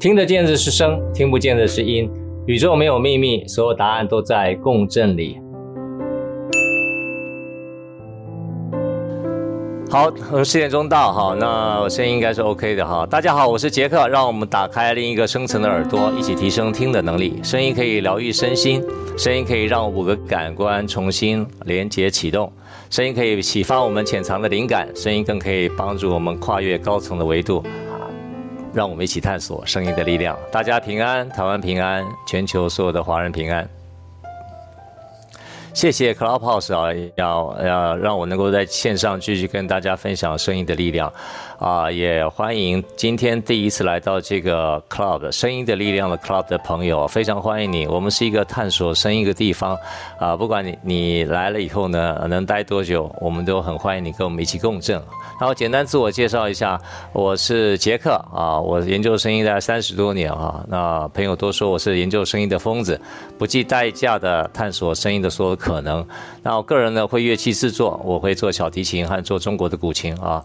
聽得見的是聲，聽不見的是音。宇宙沒有秘密，所有答案都在共振裡。好，我們十點鐘到哈，那我聲音應該是 OK 的哈。大家好，我是杰克，讓我們打開另一個深層的耳朵，一起提升聽的能力。聲音可以療癒身心，聲音可以讓五個感官重新連接啟動，聲音可以啟發我們潛藏的靈感，聲音更可以幫助我們跨越高層的維度。讓我們一起探索聲音的力量。大家平安，台灣平安，全球所有的華人平安。謝謝 Clubhouse 啊，要要讓我能夠在線上繼續跟大家分享聲音的力量。啊，也歡迎今天第一次來到這個 club 聲音的力量的 club 的朋友，非常歡迎你。我們是一個探索聲音的地方，啊，不管你你來了以後呢，能待多久，我們都很歡迎你跟我們一起共振。然後簡單自我介紹一下，我是傑克啊，我研究聲音大概三十多年啊，那朋友都說我是研究聲音的瘋子，不計代價的探索聲音的所有可能。那我個人呢，會樂器制作，我會做小提琴和做中國的古琴啊。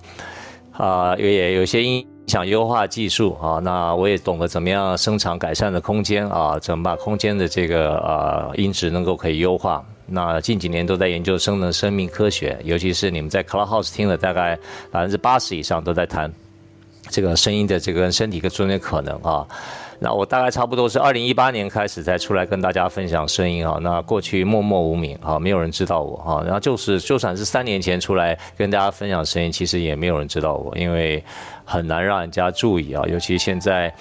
啊、呃，也有些音響優化技術啊，那我也懂得怎麼樣生產改善的空間啊，怎麼把空間的這個呃、啊、音質能夠可以優化。那近幾年都在研究聲能生命科學，尤其是你們在 Clubhouse 聽的大概百分之八十以上都在談這個聲音的這個身體共振的可能啊。那我大概差不多是二零一八年開始才出來跟大家分享聲音啊。那過去默默無名啊，沒有人知道我啊。然後就是就算是三年前出來跟大家分享聲音，其實也沒有人知道我，因為很難讓人家注意啊。尤其現在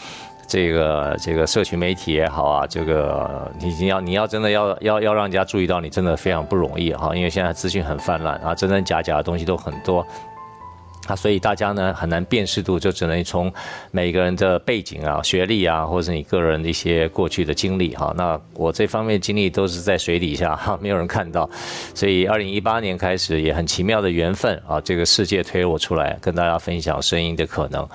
這個這個社群媒體也好啊，這個你要你要真的要要要讓人家注意到你，真的非常不容易哈，啊啊。因為現在資訊很泛濫啊，真真假假的東西都很多。啊，所以大家呢很難辨識度，就只能從每個人的背景啊、學歷啊，或者你個人的一些過去的經歷哈、啊。那我這方面經歷都是在水底下哈、啊，沒有人看到。所以二零一八年開始也很奇妙的緣分啊，這個世界推我出來跟大家分享聲音的可能。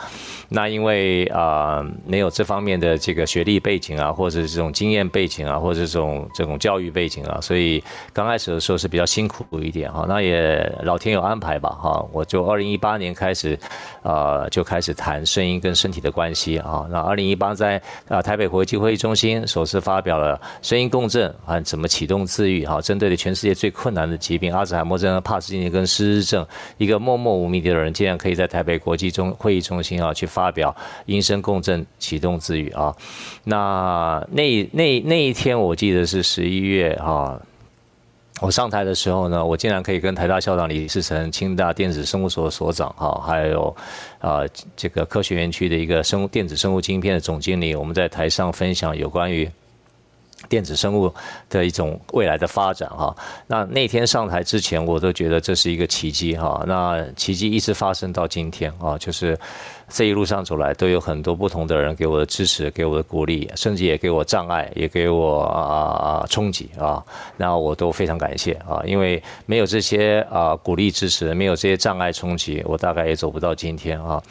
那因為啊沒有這方面的這個學歷背景啊，或者是這種經驗背景啊，或者這種這種教育背景啊，所以剛開始的時候是比較辛苦一點哈、啊。那也老天有安排吧哈、啊，我就二零一八。年開始，啊、呃，就開始談聲音跟身體的關係啊。那二零一八在啊、呃、台北國際會議中心首次發表了聲音共振啊，怎麼啟動自癒啊？針對了全世界最困難的疾病——阿茲海默症、帕金森跟失智症。一個默默無名的人，竟然可以在台北國際中會議中心啊去發表音聲共振啟動自癒啊。那那那那一天，我記得是十一月啊。我上台的時候呢，我竟然可以跟台大校長李世成、清大電子生物所所長哈，還有啊這個科學園區的一個生物電子生物晶片的總經理，我們在台上分享有關於電子生物的一種未來的發展哈。那那天上台之前，我都覺得這是一個奇蹟哈。那奇蹟一直發生到今天啊，就是。這一路上走來，都有很多不同的人給我的支持，給我的鼓勵，甚至也給我障礙，也給我啊、呃、衝擊啊，那我都非常感謝啊，因為沒有這些啊、呃、鼓勵支持，沒有這些障礙衝擊，我大概也走不到今天啊。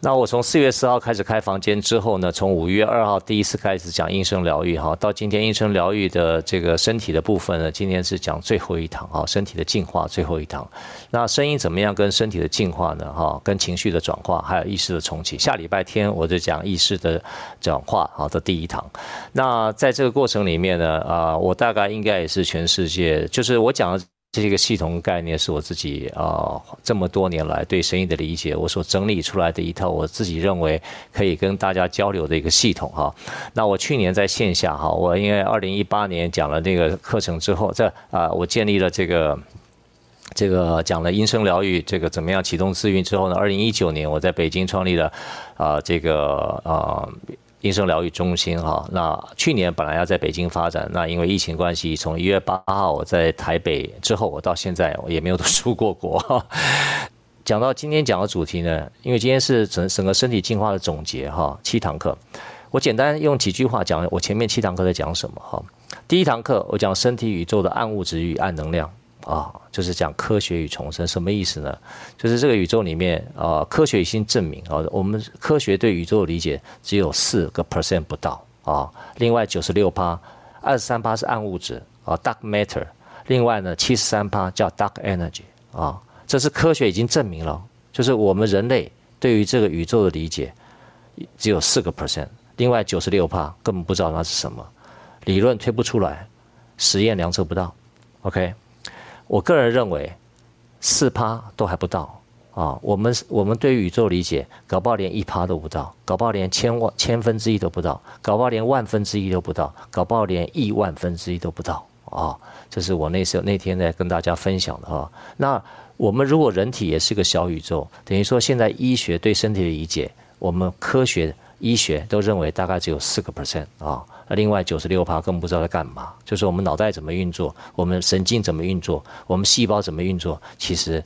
那我從四月四號開始開房間之後呢，從五月二號第一次開始講音聲療癒哈，到今天音聲療癒的這個身體的部分呢，今天是講最後一堂哈，身體的淨化最後一堂。那聲音怎麼樣跟身體的淨化呢？哈，跟情緒的轉化，還有意識的重啟。下禮拜天我就講意識的轉化，好的，第一堂。那在這個過程裡面呢，啊，我大概應該也是全世界，就是我講的這個系統概念是我自己啊、呃，這麼多年來對聲音的理解，我所整理出來的一套我自己認為可以跟大家交流的一個系統哈。那我去年在線下哈，我因為二零一八年講了那個課程之後，在啊、呃，我建立了這個這個講了音聲療癒，這個怎麼樣啟動自癒之後呢？二零一九年我在北京創立了啊、呃，這個啊。呃精神療癒中心哈，那去年本來要在北京發展，那因為疫情關係，從一月八號我在台北之後，我到現在我也沒有出過國。講到今天講的主題呢，因為今天是整整個身體淨化的總結哈，七堂課，我簡單用幾句話講我前面七堂課在講什麼哈。第一堂課我講身體宇宙的暗物質與暗能量。啊、哦，就是講科學與重生，什麼意思呢？就是這個宇宙裡面啊、哦，科學已經證明啊、哦，我們科學對宇宙的理解只有四個 percent 不到啊、哦，另外九十六趴，二十三趴是暗物質啊、哦、（dark matter），另外呢七十三趴叫 dark energy 啊、哦，這是科學已經證明了，就是我們人類對於這個宇宙的理解只有四個 percent，另外九十六趴根本不知道那是什麼，理論推不出來，實驗量測不到，OK。我個人認為，四趴都還不到啊！我們我們對宇宙理解，搞不好連一趴都不到，搞不好連千萬千分之一都不到，搞不好連萬分之一都不到，搞不好連億萬分之一都不到啊！這是我那時候那天在跟大家分享的啊。那我們如果人體也是個小宇宙，等於說現在醫學對身體的理解，我們科學。醫學都認為大概只有四個 percent 啊，哦、另外九十六趴更不知道在幹嘛。就是我們腦袋怎麼運作，我們神經怎麼運作，我們細胞怎麼運作，其實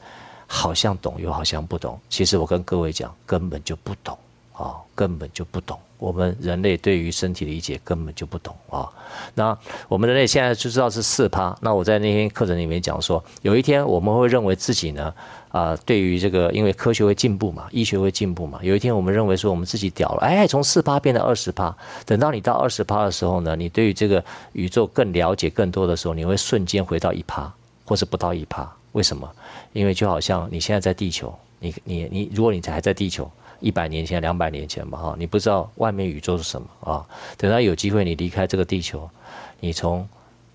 好像懂又好像不懂。其實我跟各位講，根本就不懂啊、哦，根本就不懂。我們人類對於身體的理解根本就不懂啊！那我們人類現在就知道是四趴。那我在那天課程裡面講說，有一天我們會認為自己呢，啊、呃，對於這個，因為科學會進步嘛，醫學會進步嘛。有一天我們認為說我們自己屌了，哎，從四趴變成二十趴。等到你到二十趴的時候呢，你對於這個宇宙更了解更多的時候，你會瞬間回到一趴，或是不到一趴。為什麼？因為就好像你現在在地球，你你你，如果你還在地球。一百年前、兩百年前吧，哈，你不知道外面宇宙是什麼啊？等到有機會你離開這個地球，你從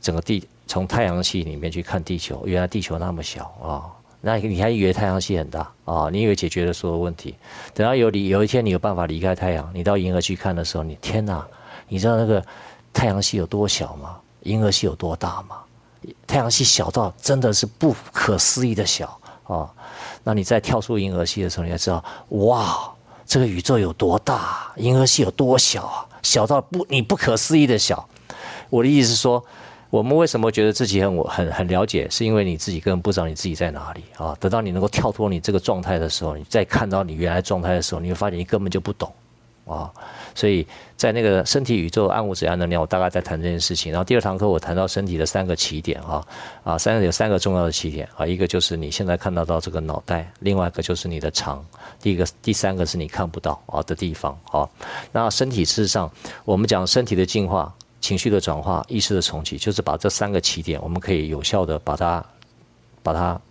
整個地從太陽系裡面去看地球，原來地球那麼小啊！那你還以為太陽系很大啊？你以為解決了所有問題？等到有你有一天你有辦法離開太陽，你到銀河去看的時候，你天哪！你知道那個太陽系有多小嗎？銀河系有多大嗎？太陽系小到真的是不可思議的小啊！那你在跳出銀河系的時候，你才知道，哇！這個宇宙有多大？銀河系有多小啊？小到不，你不可思議的小。我的意思是說，我們為什麼覺得自己很、很、很了解？是因為你自己根本不知道你自己在哪裡啊！等到你能夠跳脫你這個狀態的時候，你再看到你原來狀態的時候，你會發現你根本就不懂。啊、哦，所以在那個身體宇宙暗物質、暗能量，我大概在談這件事情。然後第二堂課我談到身體的三個起點啊，啊，三個有三個重要的起點啊，一個就是你現在看得到，到這個腦袋，另外一個就是你的腸，第一個、第三個是你看不到啊的地方啊。那身體事實上，我們講身體的進化、情緒的轉化、意識的重啟，就是把這三個起點，我們可以有效的把它、把它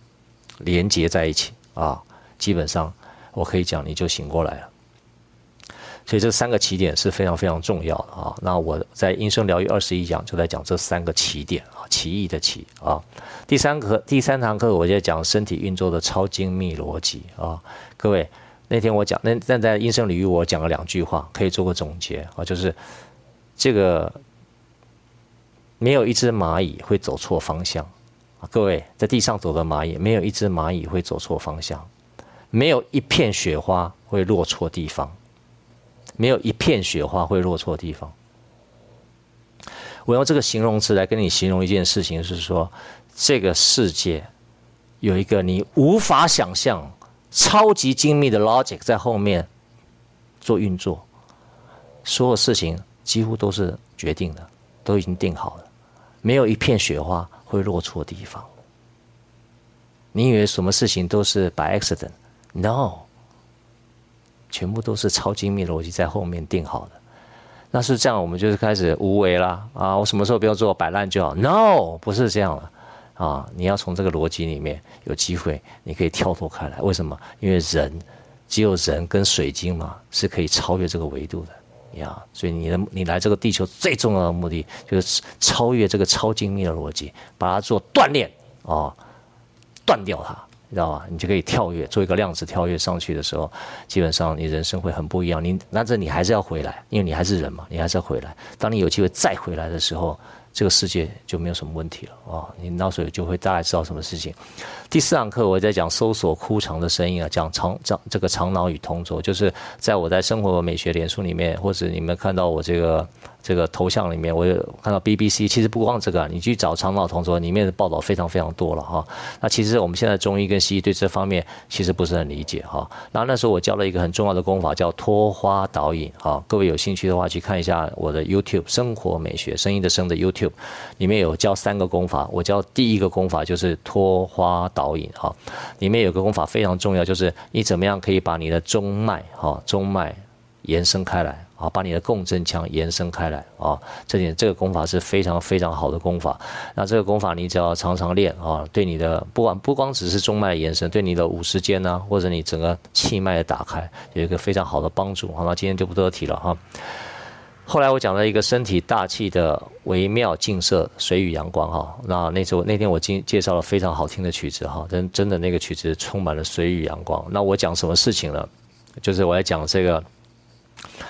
連接在一起啊。基本上，我可以講你就醒過來了。所以這三個起點是非常非常重要的啊！那我在音聲療癒二十一講就在講這三個起點啊，起義的起啊。第三課第三堂課，我就講身體運作的超精密邏輯啊。各位，那天我講那那在音聲領域，我講了兩句話，可以做個總結啊，就是這個沒有一隻螞蟻會走錯方向啊。各位，在地上走的螞蟻，沒有一隻螞蟻會走錯方向，沒有一片雪花會落錯地方。沒有一片雪花會落錯的地方。我用這個形容詞來跟你形容一件事情，是說這個世界有一個你無法想象、超級精密的 logic 在後面做運作，所有事情幾乎都是決定的，都已經定好了，沒有一片雪花會落錯的地方。你以為什麼事情都是 by accident？No。全部都是超精密的邏輯在後面定好的。那是這樣，我們就是開始無為啦啊！我什麼時候不要做擺爛就好？No，不是這樣了啊！你要從這個邏輯裡面有機會，你可以跳脫開來。為什麼？因為人只有人跟水晶嘛，是可以超越這個維度的呀。所以你的你來這個地球最重要的目的，就是超越這個超精密的邏輯，把它做鍛鍊啊，斷掉它。你知道吧？你就可以跳躍，做一個量子跳躍上去的時候，基本上你人生會很不一樣。你那這你還是要回來，因為你還是人嘛，你還是要回來。當你有機會再回來的時候，這個世界就沒有什麼問題了哦，你到時候就會大概知道什麼事情。第四堂課我在講搜索枯腸的聲音啊，講長長這個腸腦與同桌，就是在我在聲活美學臉書裡面，或者你們看到我這個。這個頭像裡面，我看到 BBC，其實不光這個、啊，你去找長老同桌，裡面的報道非常非常多了哈、哦。那其實我們現在中醫跟西醫對這方面其實不是很理解哈、哦。那那時候我教了一個很重要的功法，叫托花導引哈、哦。各位有興趣的話，去看一下我的 YouTube 聲活美學聲音的聲的 YouTube，裡面有教三個功法。我教第一個功法就是托花導引哈、哦。裡面有個功法非常重要，就是你怎麼樣可以把你的中脈哈、哦、中脈延伸開來。啊，把你的共振腔延伸開來啊、哦，這點，這個功法是非常非常好的功法。那這個功法你只要常常練啊、哦，對你的不管不光只是中脈的延伸，對你的五十肩啊，或者你整個氣脈的打開有一個非常好的幫助。好，那今天就不多提了哈、哦。後來我講了一個身體大氣的微妙淨色，水與陽光哈、哦。那那次我那天我經介紹了非常好聽的曲子哈、哦，真真的那個曲子充滿了水與陽光。那我講什麼事情呢？就是我要講這個。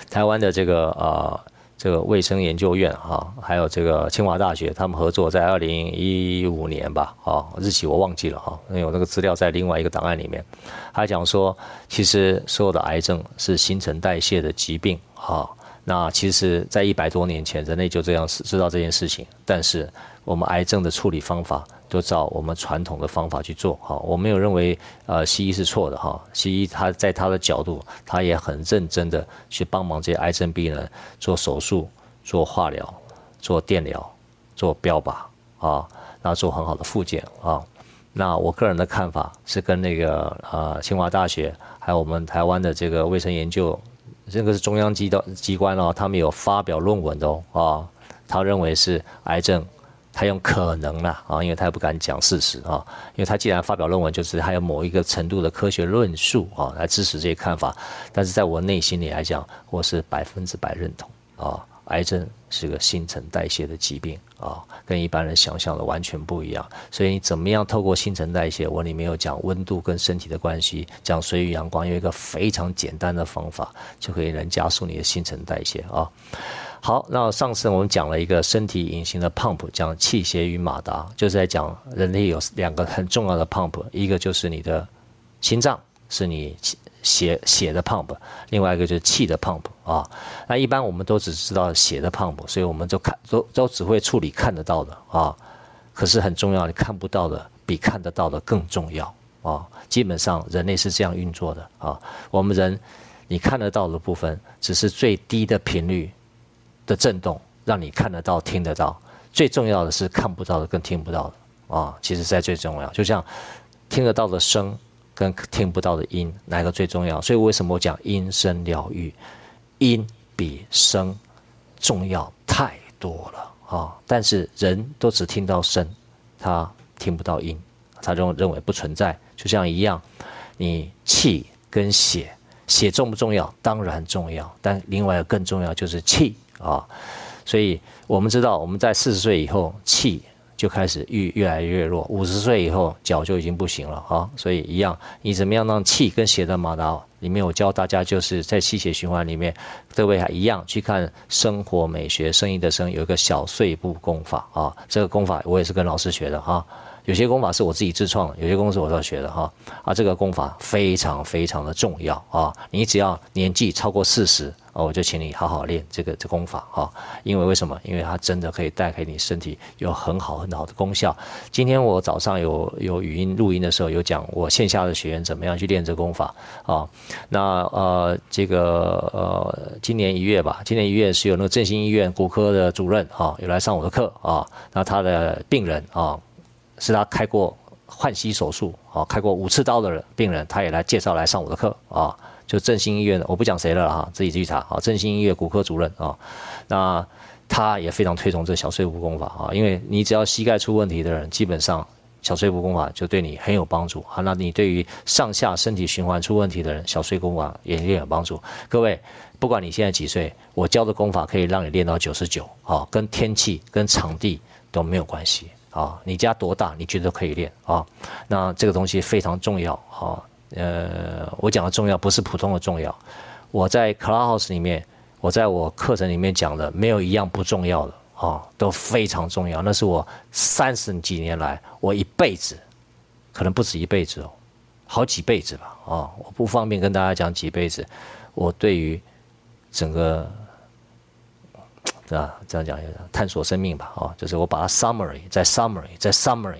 台灣的這個呃，這個衛生研究院啊，還有這個清華大學，他們合作在二零一五年吧，啊，日期我忘記了哈，因為我那個資料在另外一個檔案裡面，他講說，其實所有的癌症是新陳代謝的疾病啊，那其實，在一百多年前人類就這樣知道這件事情，但是我們癌症的處理方法都照我們傳統的方法去做哈，我沒有認為呃西醫是錯的哈，西醫他在他的角度他也很認真的去幫忙這些癌症病人做手術、做化療、做電療、做標靶啊，那做很好的復檢啊。那我個人的看法是跟那個呃清華大學還有我們台灣的這個衛生研究，這個是中央機的機關哦，他們有發表論文的啊，他認為是癌症。他用可能啦，啊，因為他也不敢講事實啊，因為他既然發表論文，就是他有某一個程度的科學論述啊，來支持這些看法。但是在我內心裡來講，我是百分之百認同啊。癌症是個新陳代謝的疾病啊，跟一般人想象的完全不一樣。所以你怎麼樣透過新陳代謝？我裡面有講溫度跟身體的關係，講水與陽光，有一個非常簡單的方法就可以能加速你的新陳代謝啊。好，那上次我們講了一個身體隱形的 pump 講氣血與馬達，就是在講人類有兩個很重要的 pump 一個就是你的心臟，是你血血的 pump 另外一個就是氣的 pump 啊。那一般我們都只知道血的 pump 所以我們就看都都只會處理看得到的啊。可是很重要，你看不到的比看得到的更重要啊。基本上人類是這樣運作的啊。我們人你看得到的部分只是最低的頻率。的震動讓你看得到，聽得到，最重要的是看不到的跟聽不到的啊，其實在最重要。就像聽得到的聲跟聽不到的音，哪個最重要？所以為什麼我講音聲療癒，音比聲重要太多了啊！但是人都只聽到聲，他聽不到音，他就認為不存在。就像一樣，你氣跟血，血重不重要？當然重要，但另外一個更重要就是氣。啊，所以我們知道，我們在四十歲以後氣就開始癒越來越弱，五十歲以後腳就已經不行了啊。所以一樣，你怎麼樣讓氣跟血的馬達，裡面我教大家就是在氣血循環裡面，各位還一樣去看聲活美學，聲音的聲有一個小碎步功法啊。這個功法我也是跟老師學的哈。啊有些功法是我自己自創的，有些功是我要學的哈。啊，這個功法非常非常的重要啊！你只要年紀超過四十啊，我就請你好好練這個這功法哈，啊。因為為什麼？因為它真的可以帶給你身體有很好很好的功效。今天我早上有有語音錄音的時候，有講我線下的學員怎麼樣去練這功法啊。那呃，這個呃，今年一月吧，今年一月是有那個振興醫院骨科的主任啊，有來上我的課啊。那他的病人啊。是他開過換膝手術啊、哦，開過五次刀的人，病人他也來介紹來上我的課啊、哦。就振興醫院，我不講誰了哈，自己去查啊、哦。振興醫院骨科主任啊、哦，那他也非常推崇這小碎步功法啊、哦，因為你只要膝蓋出問題的人，基本上小碎步功法就對你很有幫助啊、哦。那你對於上下身體循環出問題的人，小碎步功法也也有幫助。各位，不管你現在幾歲，我教的功法可以讓你練到九十九啊，跟天氣跟場地都沒有關係。啊、哦，你家多大？你覺得可以練啊、哦？那這個東西非常重要啊、哦。呃，我講的重要不是普通的重要。我在 Clubhouse 裡面，我在我課程裡面講的，沒有一樣不重要的啊、哦，都非常重要。那是我三十幾年來，我一輩子，可能不止一輩子哦，好幾輩子吧啊、哦。我不方便跟大家講幾輩子。我對於整個。啊，這樣講一下，探索生命吧，啊、哦，就是我把它 summary，再 summary，再 summary，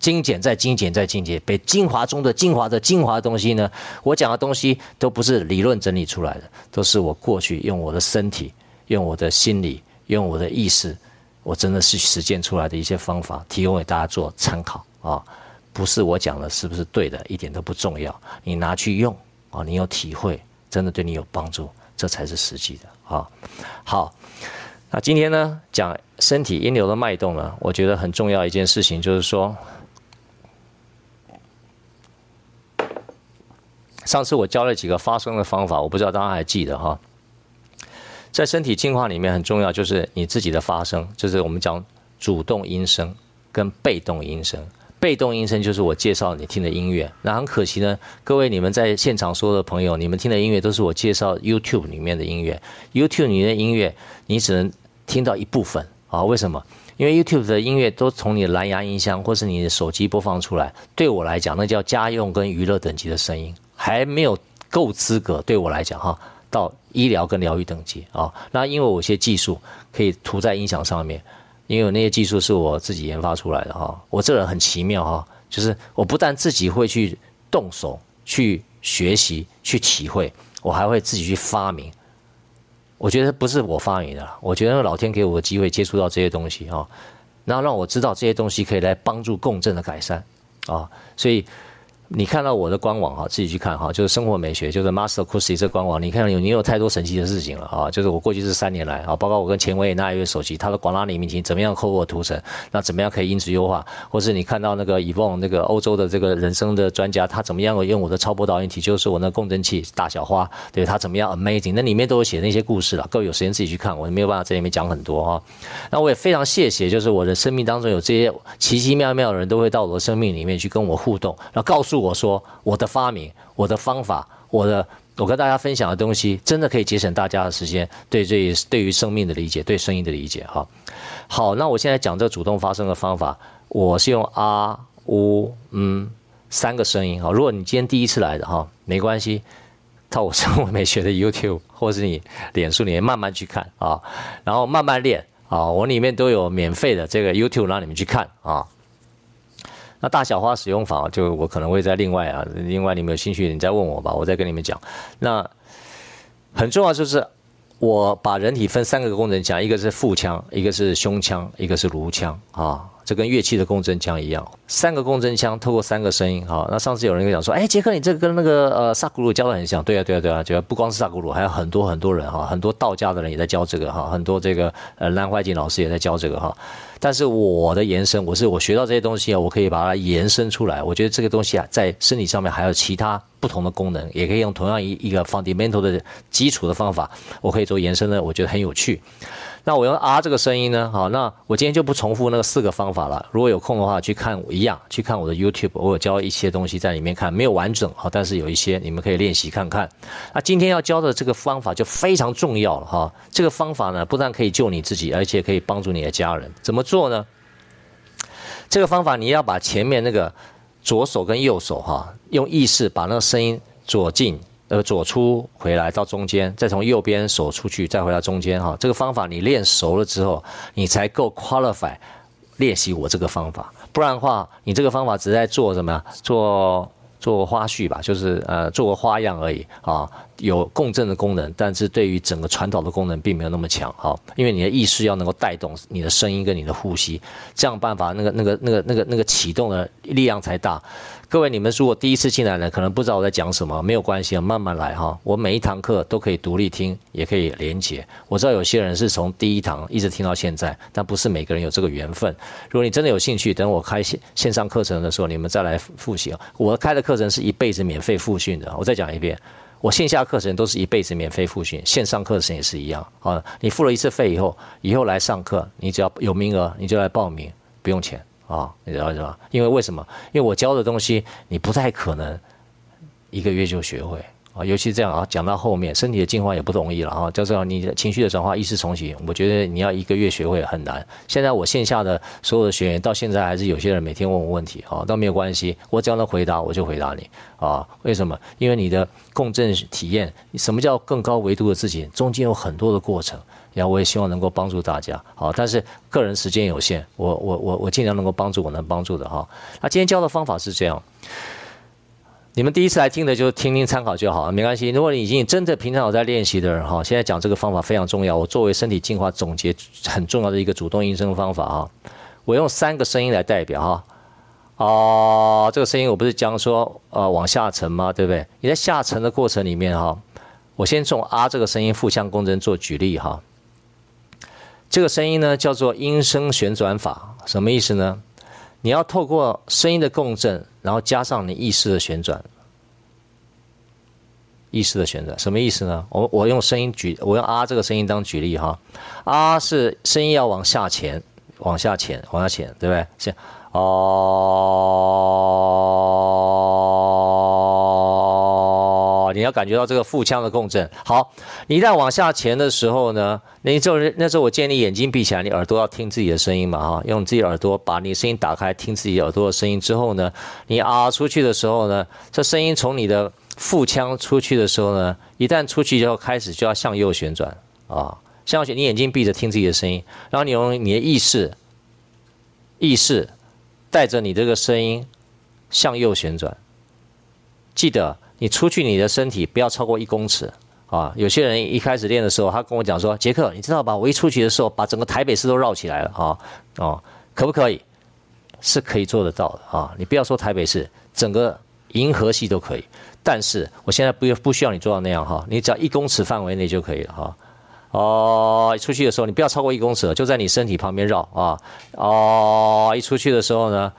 精簡再精簡再精簡，被精華中的精華的精華的東西呢，我講的東西都不是理論整理出來的，都是我過去用我的身體、用我的心理、用我的意識，我真的是實踐出來的一些方法，提供給大家做參考啊、哦，不是我講的是不是對的，一點都不重要，你拿去用啊、哦，你有體會，真的對你有幫助，這才是實際的啊、哦，好。那今天呢，講身體音流的脈動呢，我覺得很重要一件事情就是說，上次我教了幾個發聲的方法，我不知道大家還記得哈。在身體淨化裡面很重要，就是你自己的發聲，就是我們講主動音聲跟被動音聲。被動音聲就是我介紹你聽的音樂。那很可惜呢，各位你們在現場所有的朋友，你們聽的音樂都是我介紹 YouTube 裡面的音樂。YouTube 裡面的音樂，你只能聽到一部分啊、哦？為什麼？因為 YouTube 的音樂都從你的藍牙音箱或是你的手機播放出來，對我來講，那叫家用跟娛樂等級的聲音，還沒有夠資格。對我來講，哈，到醫療跟療癒等級啊、哦。那因為我有些技術可以塗在音響上面，因為有那些技術是我自己研發出來的哈。我這人很奇妙哈，就是我不但自己會去動手去學習去體會，我還會自己去發明。我覺得不是我發明的，我覺得老天給我的機會接觸到這些東西啊，然後讓我知道這些東西可以來幫助共振的改善啊，所以。你看到我的官網哈，自己去看哈，就是生活美學，就是 Master Acoustics 這官網，你看有你有太多神奇的事情了啊！就是我過去這三年來啊，包括我跟前維也納那一位首席，他的廣拉裡面，題怎麼樣透過的圖層，那怎麼樣可以音質優化，或是你看到那個 Evon 那個歐洲的這個人生的專家，他怎麼樣用我的超波導引體，就是我那個共振器大小花，對他怎麼樣 amazing？那裡面都有寫那些故事了，各位有時間自己去看，我沒有辦法在裡面講很多哈。那我也非常謝謝，就是我的生命當中有這些奇奇妙妙的人，都會到我的生命裡面去跟我互動，那告訴。我說我的發明，我的方法，我的我跟大家分享的東西，真的可以節省大家的時間。對，這對，對於生命的理解，對聲音的理解，哈、哦。好，那我現在講這主動發聲的方法，我是用啊、嗚、嗯三個聲音哈、哦，如果你今天第一次來的哈、哦，沒關係，到我聲活美學的 YouTube 或是你臉書裡面慢慢去看啊、哦，然後慢慢練啊、哦。我裡面都有免費的這個 YouTube 讓你們去看啊。哦那大小花使用法，就我可能會在另外啊，另外你們有興趣，你再問我吧，我再跟你們講。那很重要就是，我把人體分三個共振腔，一個是腹腔，一個是胸腔，一個是顱腔啊，這、哦、跟樂器的共振腔一樣。三個共振腔透過三個聲音啊、哦。那上次有人講說，哎，傑克，你這個跟那個呃薩古魯教的很像對、啊。對啊，對啊，對啊，不光是薩古魯，還有很多很多人哈，很多道家的人也在教這個哈，很多這個呃南懷瑾老師也在教這個哈。但是我的延伸，我是我學到這些東西啊，我可以把它延伸出來。我覺得這個東西啊，在身體上面還有其他不同的功能，也可以用同樣一一個 fundamental 的基礎的方法，我可以做延伸的，我覺得很有趣。那我用啊這個聲音呢，好，那我今天就不重複那個四個方法了。如果有空的話，去看我一樣，去看我的 YouTube，我有教一些東西在裡面看，沒有完整啊，但是有一些你們可以練習看看。那今天要教的這個方法就非常重要了哈，這個方法呢，不但可以救你自己，而且可以幫助你的家人。怎麼做呢？這個方法你要把前面那個左手跟右手哈，用意識把那個聲音左進，呃，左出回來到中間，再從右邊手出去，再回到中間哈、哦。這個方法你練熟了之後，你才夠 qualify 練習我這個方法。不然的話，你這個方法只在做什麼？做做花絮吧，就是呃，做個花樣而已啊、哦。有共振的功能，但是對於整個傳導的功能並沒有那麼強哈、哦，因為你的意識要能夠帶動你的聲音跟你的呼吸，這樣辦法那個那個那個那個那個啟動的力量才大。各位，你們如果第一次進來呢，可能不知道我在講什麼，沒有關係啊，慢慢來哈。我每一堂課都可以獨立聽，也可以連接。我知道有些人是從第一堂一直聽到現在，但不是每個人有這個緣分。如果你真的有興趣，等我開線線上課程的時候，你們再來複習。我開的課程是一輩子免費復訓的。我再講一遍，我線下課程都是一輩子免費復訓，線上課程也是一樣啊。你付了一次費以後，以後來上課，你只要有名額，你就來報名，不用錢。啊，你知道是吧？因為為什麼？因為我教的東西，你不太可能一個月就學會啊。尤其這樣啊，講到後面，身體的進化淨化也不容易了啊。就這樣，你情緒的轉化、意識重啟，我覺得你要一個月學會很難。現在我線下的所有的學員，到現在還是有些人每天問我問題啊，倒沒有關係，我只要能回答，我就回答你啊。為什麼？因為你的共振體驗，什麼叫更高維度的自己？中間有很多的過程。然後我也希望能夠幫助大家，好，但是個人時間有限，我我我我盡量能夠幫助我能幫助的哈。那今天教的方法是這樣，你們第一次來聽的就聽聽參考就好沒關係。如果你已經真的平常有在練習的人哈，現在講這個方法非常重要，我作為身體淨化總結很重要的一個主動音聲方法哈。我用三個聲音來代表哈，啊、呃，這個聲音我不是講說呃往下沉嗎？對不對？你在下沉的過程裡面哈，我先從啊這個聲音腹腔共振做舉例哈。這個聲音呢，叫做音聲旋轉法，什麼意思呢？你要透過聲音的共振，然後加上你意識的旋轉，意識的旋轉，什麼意思呢？我我用聲音舉，我用啊這個聲音當舉例哈，啊是聲音要往下潛，往下潛，往下潛，對不對？是哦。你要感覺到這個腹腔的共振。好，你一旦往下潛的時候呢，你就是那時候我建議你眼睛閉起來，你耳朵要聽自己的聲音嘛，哈，用自己耳朵把你聲音打開，聽自己耳朵的聲音之後呢，你啊，啊出去的時候呢，這聲音從你的腹腔出去的時候呢，一旦出去以後開始就要向右旋轉啊，向右旋，你眼睛閉着聽自己的聲音，然後你用你的意識，意識帶着你這個聲音向右旋轉，記得。你出去，你的身體不要超過一公尺啊！有些人一開始練的時候，他跟我講說：“傑克，你知道吧？我一出去的時候，把整個台北市都繞起來了哈。哦、啊啊，可不可以？是可以做得到的啊！你不要說台北市，整個銀河系都可以。但是我現在不不需要你做到那樣哈、啊。你只要一公尺範圍內就可以了哈。哦、啊，一出去的時候你不要超過一公尺了，就在你身體旁邊繞啊。哦、啊，一出去的時候呢，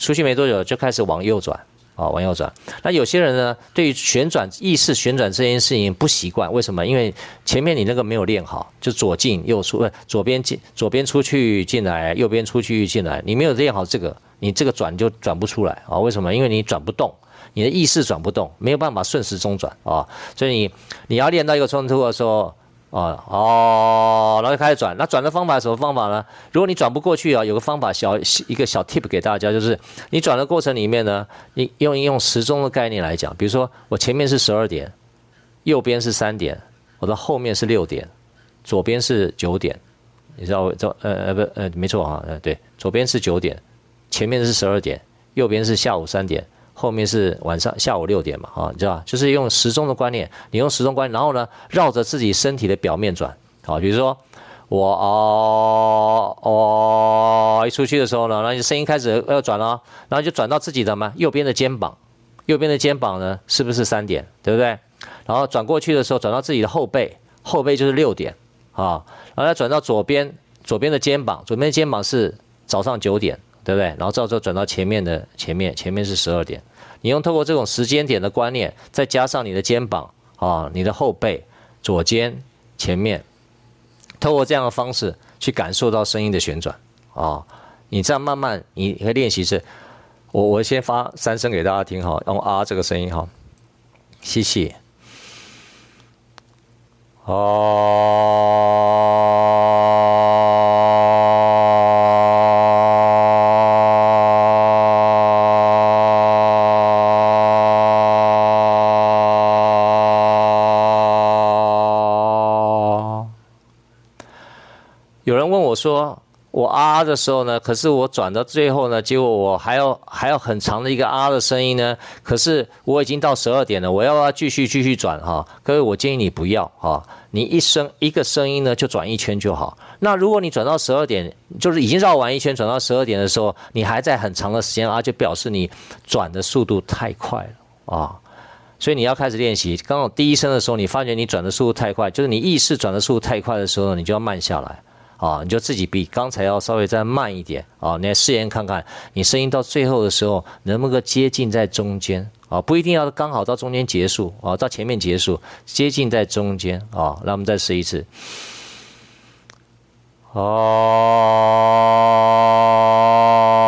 出去沒多久就開始往右轉。”啊，往右轉。那有些人呢，對於旋轉，意識旋轉這件事情不習慣，為什麼？因為前面你那個沒有練好，就左進右出，呃，左邊進，左邊出去進來，右邊出去進來，你沒有練好這個，你這個轉就轉不出來啊。為什麼？因為你轉不動，你的意識轉不動，沒有辦法順時鐘轉啊、哦。所以你你要練到一個衝突的時候。哦哦，然後開始轉，那轉的方法是什麼方法呢？如果你轉不過去啊，有個方法，小一個小 tip 給大家，就是你轉的過程裡面呢，你用一用時鐘的概念來講，比如說我前面是十二點，右邊是三點，我的後面是六點，左邊是九點，你知道左呃呃不呃沒錯啊呃對，左邊是九點，前面是十二點，右邊是下午三點。後面是晚上下午六點嘛，啊，你知道吧？就是用時鐘的觀念，你用時鐘觀念，然後呢，繞着自己身體的表面轉，啊，比如說我哦哦一出去的時候呢，那你聲音開始要轉了，然後就轉到自己的嘛右邊的肩膀，右邊的肩膀呢是不是三點，對不對？然後轉過去的時候，轉到自己的後背，後背就是六點，啊，然後再轉到左邊，左邊的肩膀，左邊的肩膀是早上九點。對不對？然後照着轉到前面的前面，前面是十二點。你用透過這種時間點的觀念，再加上你的肩膀啊、哦，你的後背、左肩、前面，透過這樣的方式去感受到聲音的旋轉啊、哦。你這樣慢慢，你可以練習是，我我先發三聲給大家聽哈，然後啊這個聲音哈、哦，吸氣，好、哦。說我啊、啊的時候呢，可是我轉到最後呢，結果我還要還要很長的一個啊、啊的聲音呢。可是我已經到十二點了，我要，不要繼續繼續轉哈、啊。各位，我建議你不要哈、啊，你一聲一個聲音呢就轉一圈就好。那如果你轉到十二點，就是已經繞完一圈，轉到十二點的時候，你還在很長的時間啊，就表示你轉的速度太快了啊。所以你要開始練習。剛好第一聲的時候，你發覺你轉的速度太快，就是你意識轉的速度太快的時候呢，你就要慢下來。啊，你就自己比剛才要稍微再慢一點啊，你來試驗看看，你聲音到最後的時候能不能接近在中間啊？不一定要剛好到中間結束啊，到前面結束，接近在中間啊。那我們再試一次，啊、哦。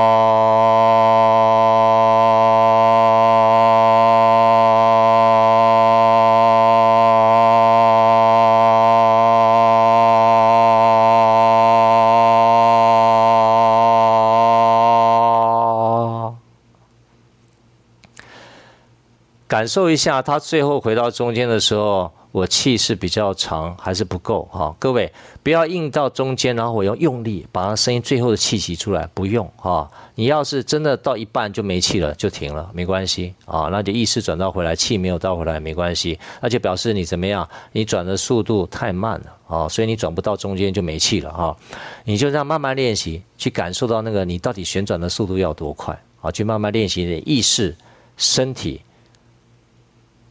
感受一下，他最後回到中間的時候，我氣是比較長還是不夠哈、哦。各位不要硬到中間，然後我要用力，把聲音最後的氣息出來，不用哈、哦。你要是真的到一半就沒氣了，就停了，沒關係啊、哦。那就意識轉到回來，氣沒有到回來沒關係，那就表示你怎麼樣，你轉的速度太慢了啊、哦，所以你轉不到中間就沒氣了哈、哦。你就這樣慢慢練習，去感受到那個你到底旋轉的速度要多快啊，去、哦、慢慢練習你的意識身體。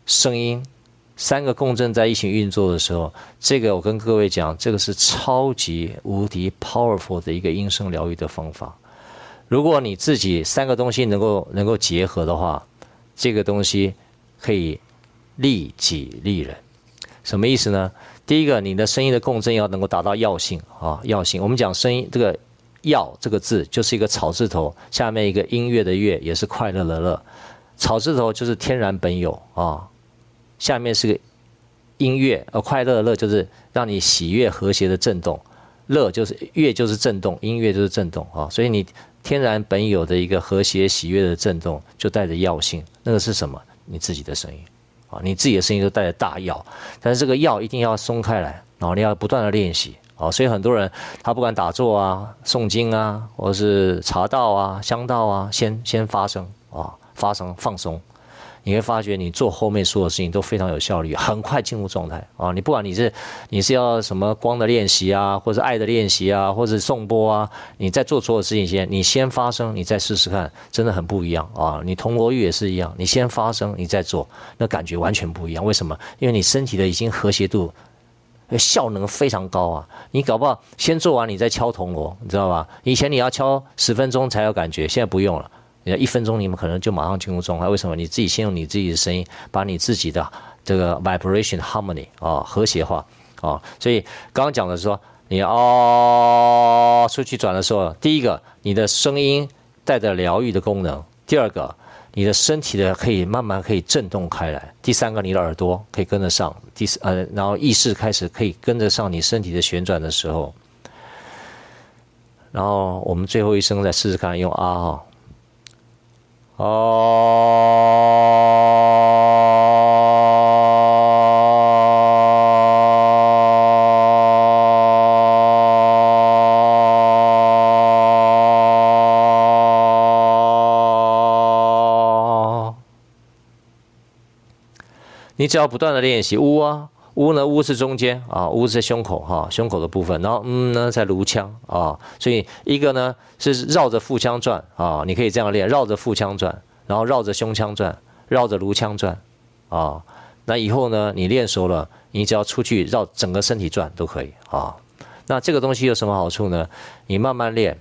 聲音三個共振在一起運作的時候，這個我跟各位講，這個是超級無敵 powerful 的一個音聲療癒的方法。如果你自己三個東西能夠能夠結合的話，這個東西可以利己利人。什麼意思呢？第一個，你的聲音的共振要能夠達到藥性啊，藥性。我們講聲音這個“藥”這個字，就是一個草字頭，下面一個音樂的“樂”，也是快樂的“樂，樂”。草字頭就是天然本有啊。下面是個音樂，呃、哦，快樂的樂就是讓你喜悅和諧的震動，樂就是樂就是震動，音樂就是震動啊、哦。所以你天然本有的一個和諧喜悅的震動，就帶着藥性。那個是什麼？你自己的聲音啊、哦，你自己的聲音都帶着大藥，但是這個藥一定要鬆開來，然後、哦，你要不斷的練習啊、哦。所以很多人他不管打坐啊、誦經啊，或者是茶道啊、香道啊，先先發聲啊、哦，發聲放鬆。你會發覺你做後面所有事情都非常有效率啊，很快進入狀態啊！你不管你是你是要什麼光的練習啊，或者愛的練習啊，或者頌缽啊，你在做所有事情前，你先發聲，你再試試看，真的很不一樣啊！你銅鑼浴也是一樣，你先發聲，你再做，那感覺完全不一樣。為什麼？因為你身體的已經和諧度效能非常高啊！你搞不好先做完，你再敲銅鑼，你知道吧？以前你要敲十分鐘才有感覺，現在不用了。要一分鐘，你們可能就馬上進入狀態。為什麼？你自己先用你自己的聲音，把你自己的這個 vibration harmony 啊、哦、和諧化啊、哦。所以剛剛講的說，你啊、哦、出去轉的時候，第一個，你的聲音帶着療癒的功能，第二個，你的身體的可以慢慢可以震動開來，第三個，你的耳朵可以跟得上，第四呃，然後意識開始可以跟得上你身體的旋轉的時候。然後我們最後一聲再試試看，用啊哈。啊！哦、你只要不斷的練習，嗚啊！嗚呢？嗚是中間啊，嗚是在胸口哈、啊，胸口的部分。然後嗯呢，在顱腔啊，所以一個呢是繞着腹腔轉啊，你可以這樣練，繞着腹腔轉，然後繞着胸腔轉，繞着顱腔轉，啊，那以後呢，你練熟了，你只要出去繞整個身體轉都可以啊。那這個東西有什麼好處呢？你慢慢練，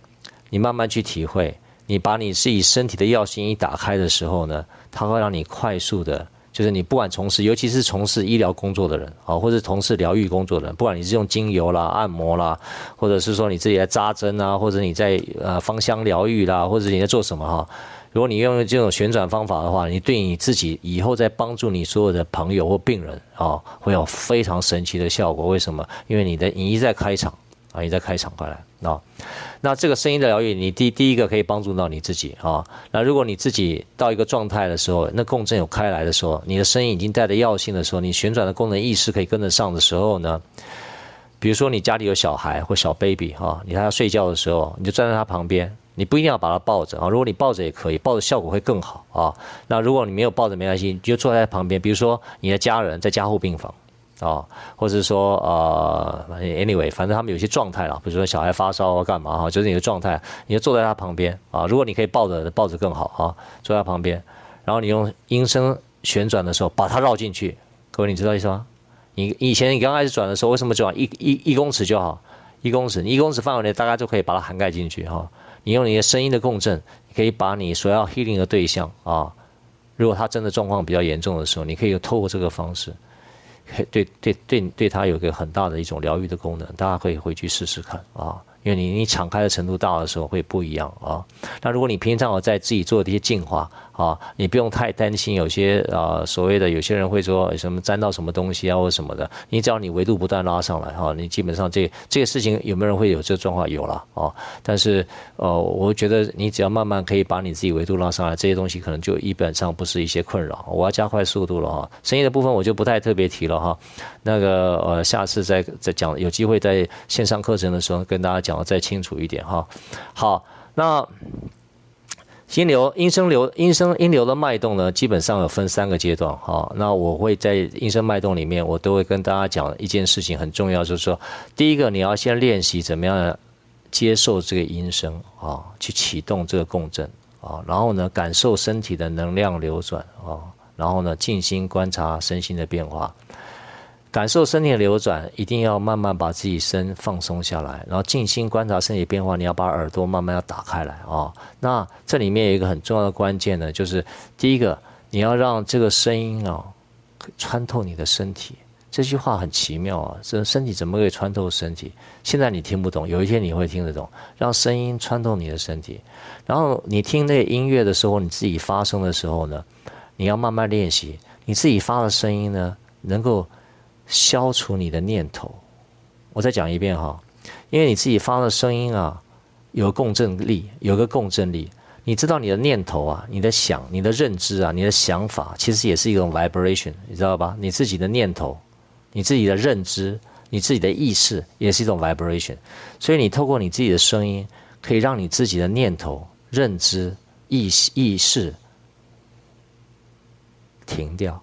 你慢慢去體會，你把你自己身體的藥性一打開的時候呢，它會讓你快速的。就是你不管從事，尤其是從事醫療工作的人啊、哦，或者從事療癒工作的人，不管你是用精油啦、按摩啦，或者是說你自己在扎針啊，或者你在呃芳香療癒啦，或者你在做什麼哈、哦，如果你用這種旋轉方法的話，你對你自己以後在幫助你所有的朋友或病人啊、哦，會有非常神奇的效果。為什麼？因為你的你一在開場。啊，你再在開場回來啊、哦。那這個聲音的療癒，你第第一個可以幫助到你自己啊、哦。那如果你自己到一個狀態的時候，那共振有開來的時候，你的聲音已經帶着藥性的時候，你旋轉的功能意識可以跟得上的時候呢？比如說你家裡有小孩或小 baby 啊、哦，你在他睡覺的時候，你就站在他旁邊，你不一定要把他抱着啊、哦。如果你抱着也可以，抱着效果會更好啊、哦。那如果你沒有抱着沒關係，你就坐在他旁邊。比如說你的家人在加護病房。啊、哦，或者說呃，anyway，反正他們有些狀態啦，比如說小孩發燒啊，幹嘛哈、哦，就是你的狀態，你就坐在他旁邊啊、哦。如果你可以抱着，抱着更好啊、哦，坐在他旁邊，然後你用音聲旋轉的時候，把它繞進去。各位，你知道意思嗎？你以前你剛開始轉的時候，為什麼轉一一一公尺就好？一公尺，你一公尺範圍內，大家就可以把它涵蓋進去哈、哦。你用你的聲音的共振，你可以把你所要 healing 的對象啊、哦，如果他真的狀況比較嚴重的時候，你可以透過這個方式。對對對對，它有一個很大的一種療癒的功能，大家可以回去試試看啊。因為你你敞開的程度大的時候會不一樣啊。那如果你平常我在自己做這些淨化啊，你不用太擔心有些啊、呃、所謂的有些人會說什麼沾到什麼東西啊，或者什麼的。你只要你維度不斷拉上來哈、啊，你基本上這個、這個事情有沒有人會有這個狀況有了啊？但是呃，我覺得你只要慢慢可以把你自己維度拉上來，這些東西可能就基本上不是一些困擾。我要加快速度了哈、啊。生意的部分我就不太特別提了哈、啊。那個呃，下次再再講，有機會在線上課程的時候跟大家講。然後再清楚一點哈，好，那音流、音聲流、音聲、音流的脈動呢，基本上有分三個階段哈。那我會在音聲脈動裡面，我都會跟大家講一件事情很重要，就是說，第一個你要先練習怎麼樣接受這個音聲啊，去啟動這個共振啊，然後呢，感受身體的能量流轉啊，然後呢，靜心觀察身心的變化。感受身體的流轉，一定要慢慢把自己身放鬆下來，然後靜心觀察身體變化。你要把耳朵慢慢要打開來啊、哦。那這裡面有一個很重要的關鍵呢，就是第一個，你要讓這個聲音啊、哦、穿透你的身體。這句話很奇妙啊，這身體怎麼可以穿透身體？現在你聽不懂，有一天你會聽得懂。讓聲音穿透你的身體，然後你聽那個音樂的時候，你自己發聲的時候呢，你要慢慢練習，你自己發的聲音呢，能夠。消除你的念頭，我再講一遍哈、哦，因為你自己發的聲音啊，有共振力，有個共振力。你知道你的念頭啊，你的想、你的認知啊、你的想法，其實也是一種 vibration，你知道吧？你自己的念頭、你自己的認知、你自己的意識，也是一種 vibration。所以你透過你自己的聲音，可以讓你自己的念頭、認知、意意識停掉。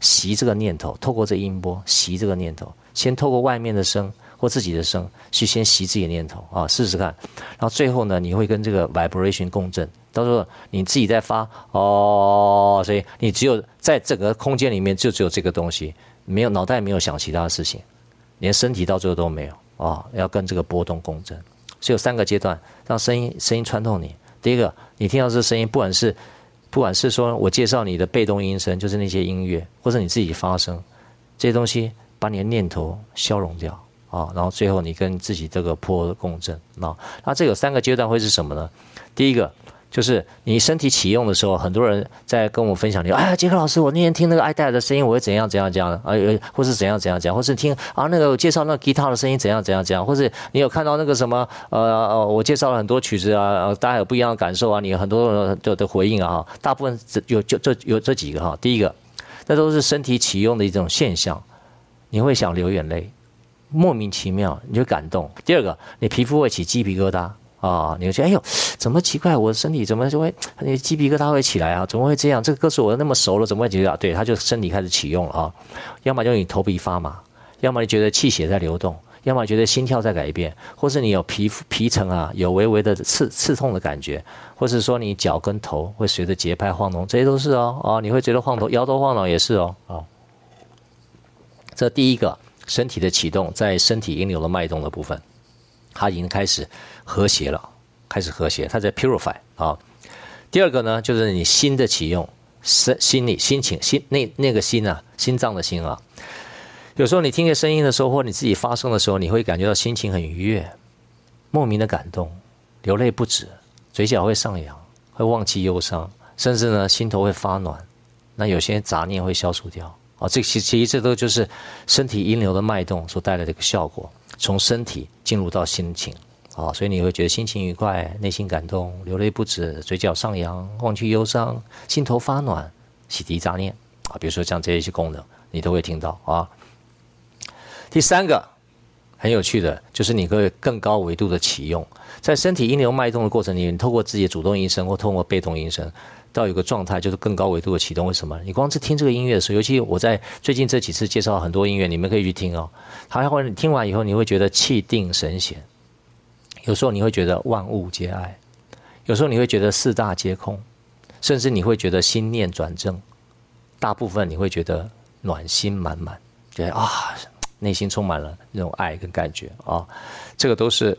洗這個念頭，透過這音波洗這個念頭，先透過外面的聲或自己的聲去先洗自己的念頭啊，試試看。然後最後呢，你會跟這個 vibration 共振，到時候你自己再發哦。所以你只有在整個空間裡面就只有這個東西，沒有腦袋，沒有想其他的事情，連身體到最後都沒有啊，要跟這個波動共振。所以有三個階段，讓聲音聲音穿透你。第一個，你聽到這聲音，不管是。不管是說我介紹你的被動音聲，就是那些音樂，或者你自己發聲，這些東西把你的念頭消融掉啊，然後最後你跟自己這個破共振，那那這有三個階段會是什麼呢？第一個。就是你身體啟用的時候，很多人在跟我分享，你、哎、啊，杰克老師，我那天聽那個愛戴的聲音，我會怎樣怎樣怎樣，啊，或是怎樣怎樣怎樣，或是聽啊那個我介紹那個吉他的聲音怎樣怎樣怎樣，或是你有看到那個什麼呃呃，呃，我介紹了很多曲子啊、呃，大家有不一樣的感受啊，你有很多的的回應啊，大部分有就這有這幾個哈、啊，第一個，那都是身體啟用的一種現象，你會想流眼淚，莫名其妙，你就感動；第二個，你皮膚會起雞皮疙瘩。啊、哦，你會覺得哎呦，怎麼奇怪？我身體怎麼就會……你雞皮疙瘩會起來啊？怎麼會這樣？這個歌詞我那麼熟了，怎麼會覺得？對，他就身體開始啟用了啊、哦！要麼就是你頭皮發麻，要麼你覺得氣血在流動，要麼你覺得心跳在改變，或是你有皮膚皮層啊有微微的刺刺痛的感覺，或是說你腳跟頭會隨着節拍晃動，這些都是哦啊、哦，你會覺得晃頭、搖頭晃腦也是哦啊、哦。這第一個身體的啟動，在身體音流的脈動的部分，它已經開始。和諧了，開始和諧，它在 purify 啊。第二個呢，就是你心的啟用，心、心理、心情、心那那個心啊，心臟的心啊。有時候你聽些聲音的時候，或你自己發聲的時候，你會感覺到心情很愉悅，莫名的感動，流淚不止，嘴角會上揚，會忘記憂傷，甚至呢心頭會發暖，那有些雜念會消除掉啊。這其其實這都就是身體音流的脈動所帶來的一個效果，從身體進入到心情。哦、所以你會覺得心情愉快，內心感動，流淚不止，嘴角上揚，忘去憂傷，心頭發暖，洗滌雜念啊、哦。比如說像這一些功能，你都會聽到啊、哦。第三個很有趣的就是，你可以更高維度的啟用，在身體音流脈動的過程裡，你透過自己的主動音聲或透過被動音聲，到有一個狀態，就是更高維度的啟動。為什麼？你光是聽這個音樂的時候，尤其我在最近這幾次介紹很多音樂，你們可以去聽哦。還有，你聽完以後，你會覺得氣定神閑。有時候你會覺得萬物皆愛，有時候你會覺得四大皆空，甚至你會覺得心念轉正，大部分你會覺得暖心滿滿，覺得啊，內心充滿了那種愛跟感覺啊，這個都是。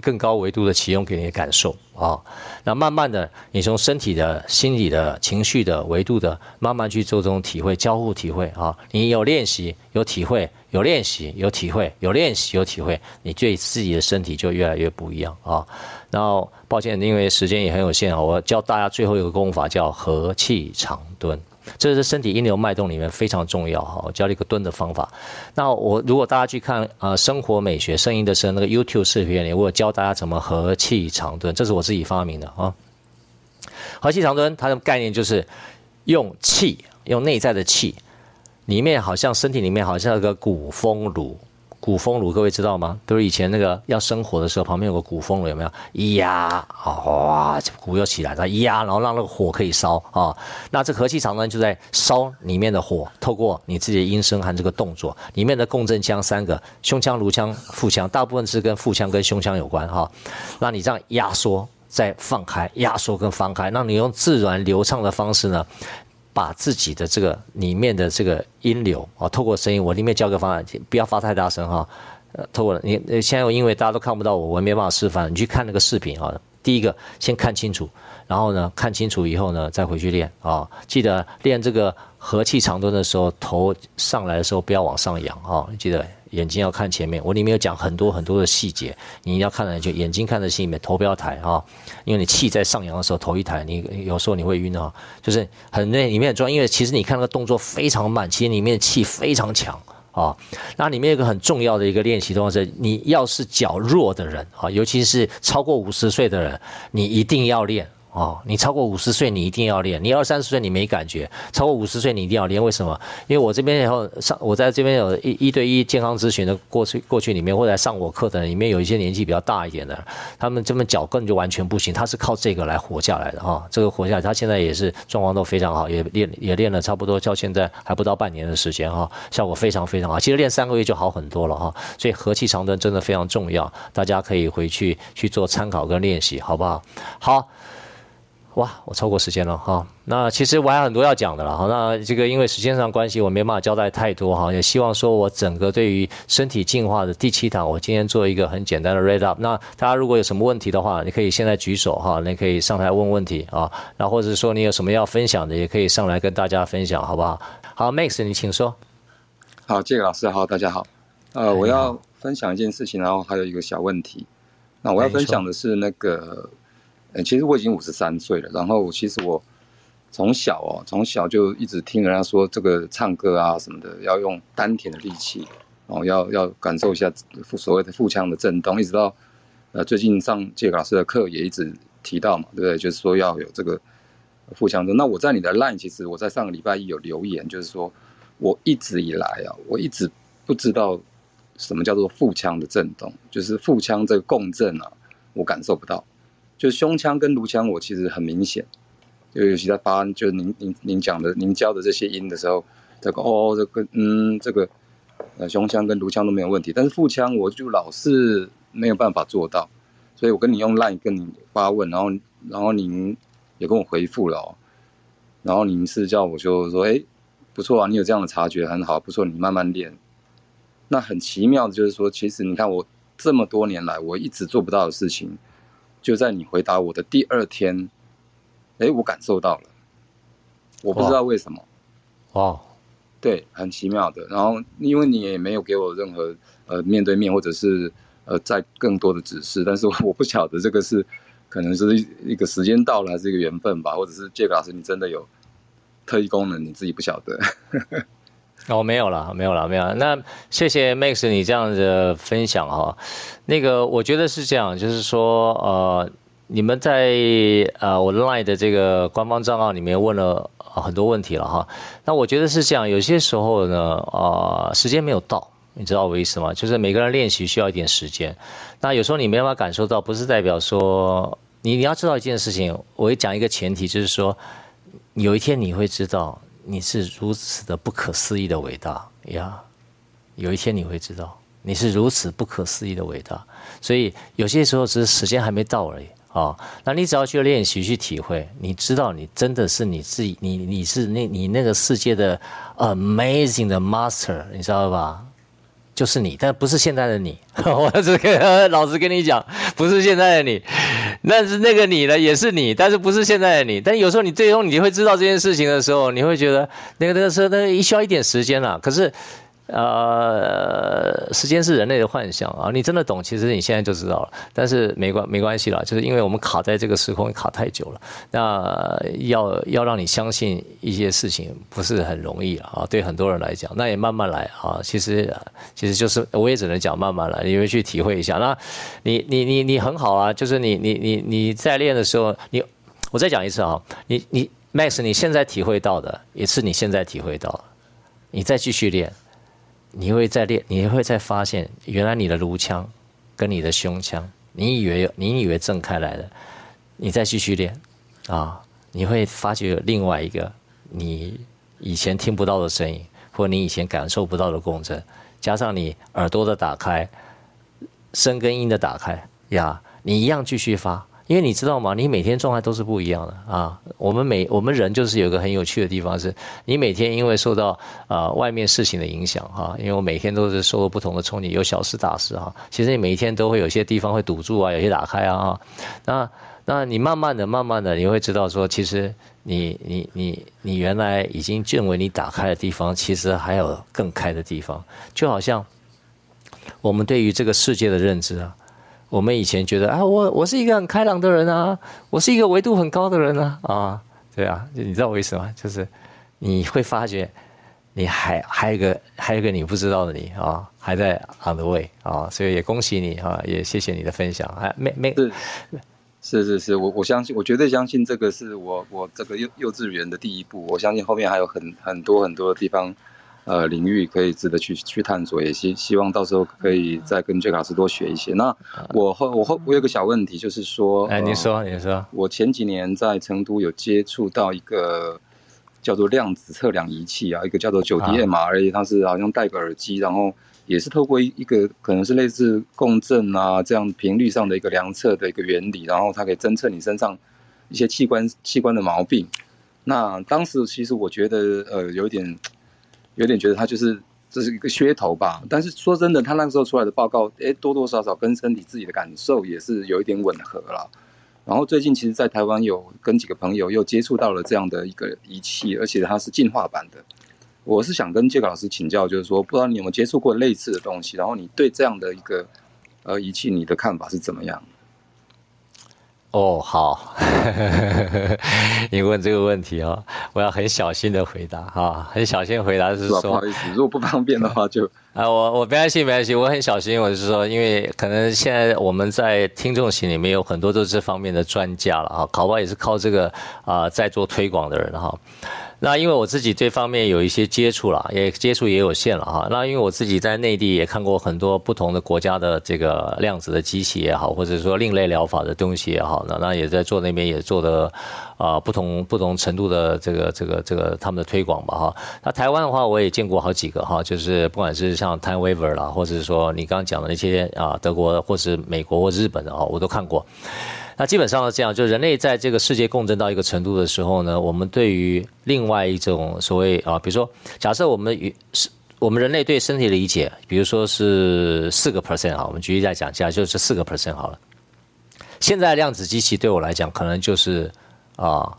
更高維度的啟用給你的感受啊，那慢慢的，你從身體的、心理的、情緒的維度的，慢慢去做這種體會、交互體會啊。你有練習，有體會，有練習，有體會，有練習，有體會，你對自己的身體就越來越不一樣啊。然後，抱歉，因為時間也很有限啊，我教大家最後一個功法叫和氣長蹲。這是身體音流脈動裡面非常重要哈，我教了一個蹲的方法。那我如果大家去看啊、呃、聲活美學聲音的時候，那個 YouTube 視頻裡，我教大家怎麼和氣長蹲，這是我自己發明的啊。和氣長蹲它的概念就是用氣，用內在的氣，裡面好像身體裡面好像有個鼓風爐。鼓風爐，各位知道嗎？都是以前那個要生火的時候，旁邊有個鼓風爐，有沒有？呀啊、哦，哇，這鼓又起來了。呀然，然後讓那個火可以燒啊、哦。那這和氣場呢，就在燒裡面的火，透過你自己的音聲和這個動作，裡面的共振腔三個：胸腔、顱腔、腹腔，大部分是跟腹腔跟胸腔有關哈、哦。那你這樣壓縮再放開，壓縮跟放開，那你用自然流暢的方式呢，把自己的這個裡面的這個音流啊、哦，透過聲音，我裡面教個方案，不要發太大聲哈、哦。透過你現在，因為大家都看不到我，我也沒辦法示範，你去看那個視頻啊、哦。第一個先看清楚，然後呢，看清楚以後呢，再回去練啊、哦。記得練這個和氣長蹲的時候，頭上來的時候不要往上仰啊、哦，你記得。眼睛要看前面，我裡面有講很多很多的細節，你要看的就眼睛看的心裡面，頭不要抬啊，因為你氣在上揚的時候頭一抬，你有時候你會暈啊，就是很累，裡面很重要，因為其實你看那個動作非常慢，其實裡面的氣非常強啊。那裡面有一個很重要的一個練習的話，是你要是腳弱的人啊，尤其是超過五十歲的人，你一定要練。哦，你超過五十歲，你一定要練。你二三十歲你沒感覺，超過五十歲你一定要練。為什麼？因為我這邊以後上，我在這邊有一一對一健康諮詢的過去過去裡面，或者上我課的裡面，有一些年紀比較大一點的，他們這麼腳跟就完全不行，他是靠這個來活下來的啊、哦。這個活下來，他現在也是狀況都非常好，也練也練了差不多到現在還不到半年的時間哈、哦，效果非常非常好。其實練三個月就好很多了哈、哦。所以和氣長蹲真的非常重要，大家可以回去去做參考跟練習，好不好？好。哇，我超過時間了哈、哦。那其實我還有很多要講的啦。哈、哦。那這個因為時間上關係，我沒辦法交代太多哈。也希望說我整個對於身體淨化的第七堂，我今天做一個很簡單的 read up。那大家如果有什麼問題的話，你可以現在舉手哈、哦，你可以上台問問題啊、哦。然後或者說你有什麼要分享的，也可以上來跟大家分享，好不好？好，Max，你請說。好，謝謝老師。好，大家好。呃，對我要分享一件事情，然後還有一個小問題。那我要分享的是那個。嗯、欸，其實我已經五十三歲了，然後其實我從小哦、啊，從小就一直聽人家說這個唱歌啊什麼的要用丹田的力氣，哦，要要感受一下所謂的腹腔的震動，一直到呃最近上 Jack 老師的課也一直提到嘛，對不對？就是說要有這個腹腔的。那我在你的 line 其實我在上個禮拜一有留言，就是說我一直以來啊，我一直不知道什麼叫做腹腔的震動，就是腹腔這個共振啊，我感受不到。就是胸腔跟顱腔，我其實很明顯，就尤其在發，就是您您您講的您教的這些音的時候，哦嗯、這個哦、嗯、這個嗯這個呃胸腔跟顱腔都沒有問題，但是腹腔我就老是沒有辦法做到，所以我跟你用 line 跟你發問，然後然後您也跟我回復了、哦，然後您是叫我就說，哎、欸、不錯啊，你有這樣的察覺很好，不錯，你慢慢練。那很奇妙的就是說，其實你看我這麼多年來我一直做不到的事情，就在你回答我的第二天，哎，我感受到了，我不知道為什麼，哦，Wow. Wow. 對，很奇妙的。然後，因為你也沒有給我任何呃面對面或者是呃在更多的指示，但是我不曉得這個是可能是一個時間到了，還是一個緣分吧，或者是杰克老師你真的有特異功能，你自己不曉得。 哦，沒有啦，沒有啦，沒有啦。那謝謝 Max，你這樣子的分享哈。那個，我覺得是這樣，就是說，呃，你們在呃我 LINE 的這個官方賬號裡面問了、呃、很多問題了哈。那我覺得是這樣，有些時候呢，啊、呃，時間沒有到，你知道我意思嗎？就是每個人練習需要一點時間。那有時候你沒辦法感受到，不是代表說你你要知道一件事情。我會講一個前提，就是說，有一天你會知道。你是如此的不可思議的偉大呀！Yeah! 有一天你會知道，你是如此不可思議的偉大。所以有些時候只是時間還沒到而已啊。那你只要去練習、去體會，你知道，你真的是你自己，你你是那，你那個世界的 amazing 的 master，你知道吧？就是你，但不是現在的你。 我只跟老實跟你講，不是現在的你，但是那個你呢，也是你，但是不是現在的你。但有時候你最終你會知道這件事情的時候，你會覺得那個那個那個那個，需要一點時間了，啊。可是。呃，時間是人類的幻想啊！你真的懂，其實你現在就知道了。但是沒關沒關係啦，就是因為我們卡在這個時空卡太久了。那要要讓你相信一些事情不是很容易啊！對很多人來講，那也慢慢來啊！其實其實就是我也只能講慢慢來，你們去體會一下。那你，你你你你很好啊！就是你你你你在練的時候，你我再講一次啊！你你 Max，你現在體會到的也是你現在體會到，你再繼續練。你會再練，你會再發現，原來你的顱腔跟你的胸腔，你以為你以為正開來了，你再繼續練，啊，你會發覺有另外一個你以前聽不到的聲音，或你以前感受不到的共振，加上你耳朵的打開，聲跟音的打開呀，你一樣繼續發。因為你知道嗎？你每天狀態都是不一樣的啊。我們每我們人就是有一個很有趣的地方是，是你每天因為受到啊、呃、外面事情的影響哈、啊。因為我每天都是受到不同的衝擊，有小事大事哈。其實你每一天都會有些地方會堵住啊，有些打開啊哈、啊。那那你慢慢的、慢慢的，你會知道說，其實你你你你原來已經認為你打開的地方，其實還有更開的地方。就好像我們對於這個世界的認知啊。我們以前覺得啊，我我是一個很開朗的人啊，我是一個維度很高的人啊，啊，對啊，你知道我意思嗎？就是，你會發覺你還還有一個還有一個你不知道的你啊，還在 on the way 啊，所以也恭喜你啊，也謝謝你的分享，還沒沒是，是是是，我我相信，我絕對相信這個是我我這個幼幼稚園的第一步，我相信後面還有很很多很多的地方。呃，領域可以值得去去探索，也希希望到時候可以再跟 Jack 老師多學一些。那我後我後我有個小問題，就是說，哎、欸，你說你說、呃，我前幾年在成都有接觸到一個叫做量子測量儀器啊，一個叫做九 D M R，、啊、而且它是好像戴個耳機，然後也是透過一一個可能是類似共振啊這樣頻率上的一個量測的一個原理，然後它可以偵測你身上一些器官器官的毛病。那當時其實我覺得呃有一點。有點覺得他就是這是一個噱頭吧，但是說真的，他那個時候出來的報告，哎、欸，多多少少跟身體自己的感受也是有一點吻合了。然後最近其實，在台灣有跟幾個朋友又接觸到了這樣的一個儀器，而且它是進化版的。我是想跟杰克老師請教，就是說，不知道你有沒有接觸過類似的東西，然後你對這樣的一個呃儀器，你的看法是怎麼樣？哦，好，呵呵呵呵呵，你問這個問題哦，我要很小心的回答哈、啊，很小心回答是說，不好意思，如果不方便的話就，啊，我我沒關係，沒關係，我很小心，我是說，因為可能現在我們在聽眾席裡面有很多都是這方面的專家了啊，搞不好也是靠這個、呃、座啊，在做推廣的人哈。那因為我自己這方面有一些接觸了，也接觸也有限了哈。那因為我自己在內地也看過很多不同的國家的這個量子的機器也好，或者說另類療法的東西也好呢，那也在做那邊也做的，啊、呃、不同不同程度的這個這個這個他們的推廣吧哈。那台灣的話我也見過好幾個哈，就是不管是像 TimeWaver 啦，或者是說你剛剛講的那些啊德國的，或是美國或日本的哈，我都看過。那基本上是這樣，就是人類在這個世界共振到一個程度的時候呢，我們對於另外一種所謂啊、呃，比如說，假設我們與是，我們人類對身體的理解，比如說是四個 percent 啊，我們舉例來講一下，就是四個 percent 好了。現在量子機器對我來講，可能就是啊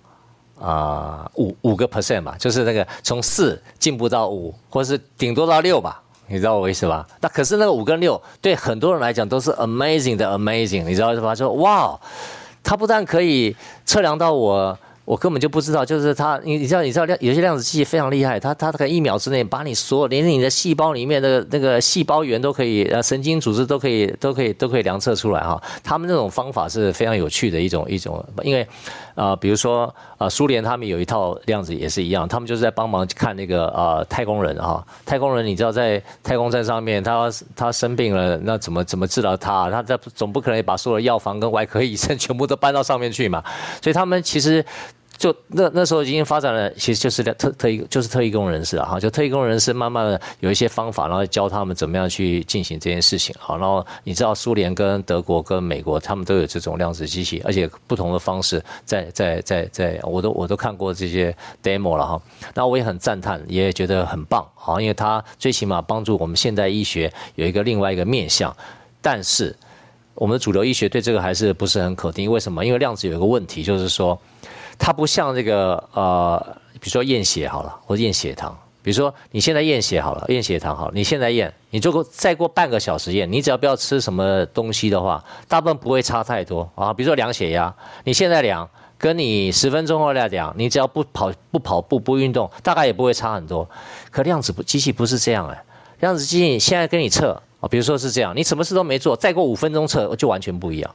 啊五五個 percent 吧，就是那個從四進步到五，或是頂多到六吧。你知道我意思吧？那可是那個五跟六，對很多人來講都是 amazing 的 amazing，你知道是吧？說哇，它不但可以測量到我。我根本就不知道，就是他，你你知道你知道量有些量子計非常厲害，他他可以一秒之內把你所有連你的細胞裡面的那個細胞源都可以，呃神經組織都可以都可以都可以,都可以量測出來哈。他們這種方法是非常有趣的一種一種，因為，啊、呃，比如說啊，呃，蘇聯他們有一套量子也是一樣，他們就是在幫忙看那個啊太空人哈，太空人，呃，太空人你知道在太空站上面，他他生病了，那怎麼怎麼治療他？他他總不可能把所有的藥房跟外科醫生全部都搬到上面去嘛，所以他們其實。就那那時候已經發展了，其實就是特特一就是特異功能人士了。哈，就特異功能人士慢慢的有一些方法，然後教他們怎麼樣去進行這件事情，好，然後你知道蘇聯跟德國跟美國他們都有這種量子機器，而且不同的方式在，在在在在我都我都看過這些 demo 了哈，那我也很讚嘆，也覺得很棒好，因為它最起碼幫助我們現代醫學有一個另外一個面向，但是我們的主流醫學對這個還是不是很肯定，為什麼？因為量子有一個問題就是說。它不像這個呃，比如說驗血好了，或者驗血糖。比如說你現在驗血好了，驗血糖好了，你現在驗，你做過再過半個小時驗，你只要不要吃什麼東西的話，大部分不會差太多啊。比如說量血壓，你現在量，跟你十分鐘後來量，你只要不跑不跑步不運動，大概也不會差很多。可量子不機器不是這樣哎、欸，量子機器現在跟你測啊，比如說是這樣，你什麼事都沒做，再過五分鐘測就完全不一樣。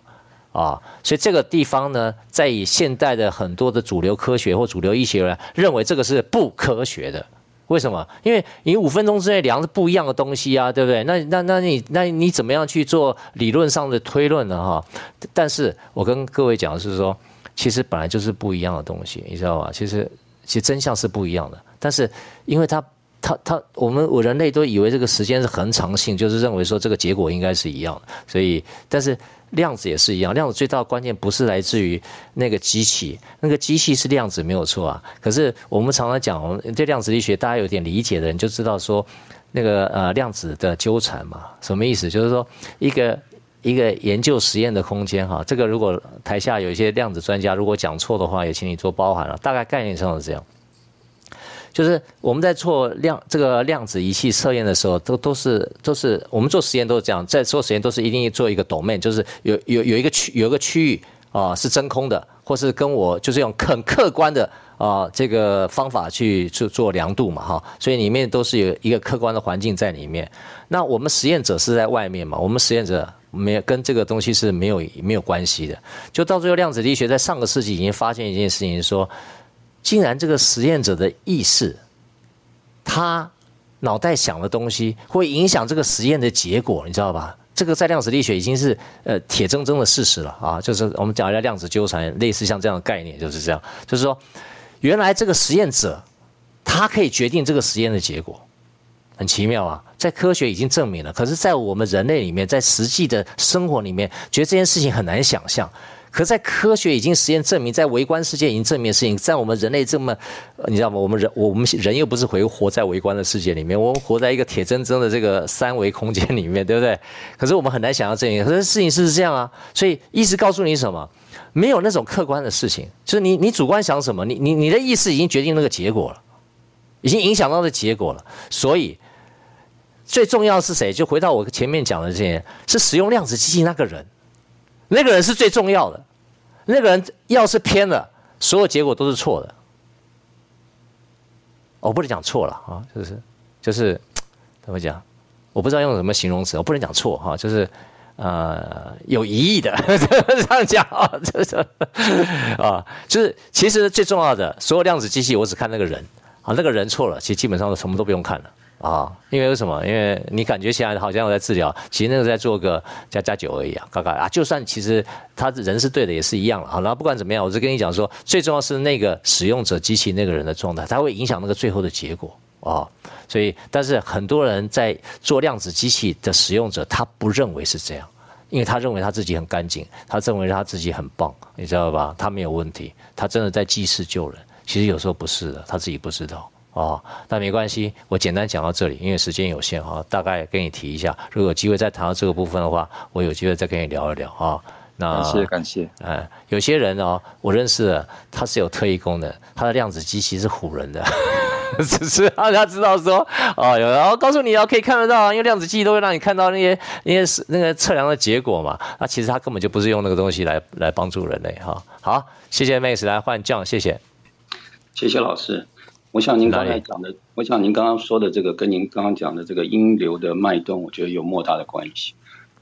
啊、哦，所以這個地方呢，在以現代的很多的主流科學或主流醫學人認為這個是不科學的，為什麼？因為你五分鐘之內量是不一樣的東西啊，對不對？那那那你那你怎麼樣去做理論上的推論呢？哈，但是我跟各位講的是說，其實本來就是不一樣的東西，你知道吧？其實其實真相是不一樣的，但是因為它它它我們我人類都以為這個時間是恆常性，就是認為說這個結果應該是一樣的，所以但是。量子也是一樣，量子最大的關鍵不是來自於那個機器，那個機器是量子沒有錯啊。可是我們常常講，我們對量子力學大家有點理解的人就知道說，那個呃量子的糾纏嘛，什麼意思？就是說一個一個研究實驗的空間哈、啊。這個如果台下有一些量子專家，如果講錯的話，也請你做包涵了、啊。大概概念上是這樣。就是我們在做量這個量子儀器測驗的時候，都都是都是我們做實驗都是這樣，在做實驗都是一定做一個 domain，就是有有有一個區有一個區域啊、呃、是真空的，或是跟我就是用很客觀的啊、呃、這個方法去，去做做量度嘛哈、哦，所以裡面都是有一個客觀的環境在裡面。那我們實驗者是在外面嘛，我們實驗者沒有跟這個東西是沒有沒有關係的。就到最後，量子力學在上個世紀已經發現一件事情說。竟然，這個實驗者的意識，他腦袋想的東西會影響這個實驗的結果，你知道吧？這個在量子力學已經是呃鐵錚錚的事實了啊！就是我們講一下量子糾纏，類似像這樣的概念就是這樣，就是說，原來這個實驗者他可以決定這個實驗的結果，很奇妙啊！在科學已經證明了，可是，在我們人類裡面，在實際的生活裡面，覺得這件事情很難想象。可在科學已經實驗證明，在微觀世界已經證明的事情，在我們人類這麼，你知道嗎？我們人，我們人又不是回活在微觀的世界裡面，我們活在一個鐵錚錚的這個三維空間裡面，對不對？可是我們很難想要證明，可是事情是不是這樣啊？所以，意思告訴你什麼？沒有那種客觀的事情，就是你你主觀想什麼，你你你的意識已經決定那個結果了，已經影響到的結果了。所以，最重要的是誰？就回到我前面講的這些，是使用量子機器那個人。那個人是最重要的，那個人要是偏了，所有結果都是錯的。我、哦、不能講錯了啊，就是就是怎麼講，我不知道用什麼形容詞，我不能講錯哈，就是呃有疑義的這樣講啊，就是、呃啊這啊就是啊就是、其實最重要的，所有量子機器我只看那個人啊，那個人錯了，其實基本上什麼都不用看了。啊、哦，因為為什麼？因為你感覺起來好像我在治療，其實那個在做個家家酒而已啊，搞搞！啊，就算其實他人是對的，也是一樣啊。然後不管怎麼樣，我就跟你講說，最重要是那個使用者機器那個人的狀態，它會影響那個最後的結果啊、哦。所以，但是很多人在做量子機器的使用者，他不認為是這樣，因為他認為他自己很乾淨，他認為他自己很棒，你知道吧？他沒有問題，他真的在濟世救人。其實有時候不是的，他自己不知道。哦，那沒關係，我簡單講到這裡，因為時間有限哈、哦。大概也跟你提一下，如果有機會再談到這個部分的話，我有機會再跟你聊一聊、哦、那感謝，感謝。嗯，有些人哦，我認識的，他是有特異功能，他的量子機器是唬人的，只是 大家知道說，哦，然後、哦、告訴你哦，可以看得到，因為量子機都會讓你看到那些那些那個測量的結果嘛。那、啊、其實他根本就不是用那個東西來來幫助人類哈、哦。好，謝謝 Max 來換醬，John, 謝謝，謝謝老師。我想您剛才講的，我想您剛剛說的這個，跟您剛剛講的這個音流的脈動，我覺得有莫大的關係。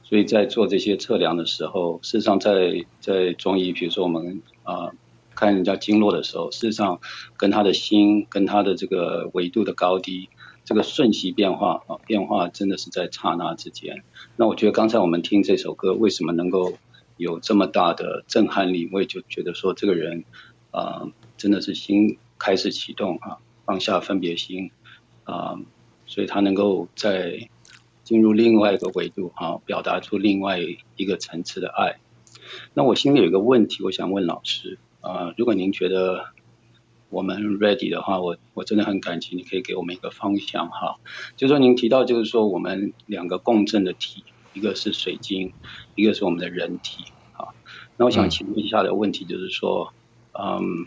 所以在做這些測量的時候，事實上，在在中醫，比如說我們啊看人家經絡的時候，事實上跟他的心，跟他的這個維度的高低，這個瞬息變化啊變化，真的是在剎那之間。那我覺得剛才我們聽這首歌，為什麼能夠有這麼大的震撼力？我也就覺得說，這個人啊，真的是心。開始啟動、啊、放下分別心啊、呃，所以他能夠在進入另外一個維度、啊、表達出另外一個層次的愛。那我心裡有一個問題，我想問老師啊、呃，如果您覺得我們 ready 的話，我我真的很感激，你可以給我們一個方向哈、啊。就是，說您提到，就是說我們兩個共振的體，一個是水晶，一個是我們的人體啊。那我想請問一下的問題就是說，嗯。嗯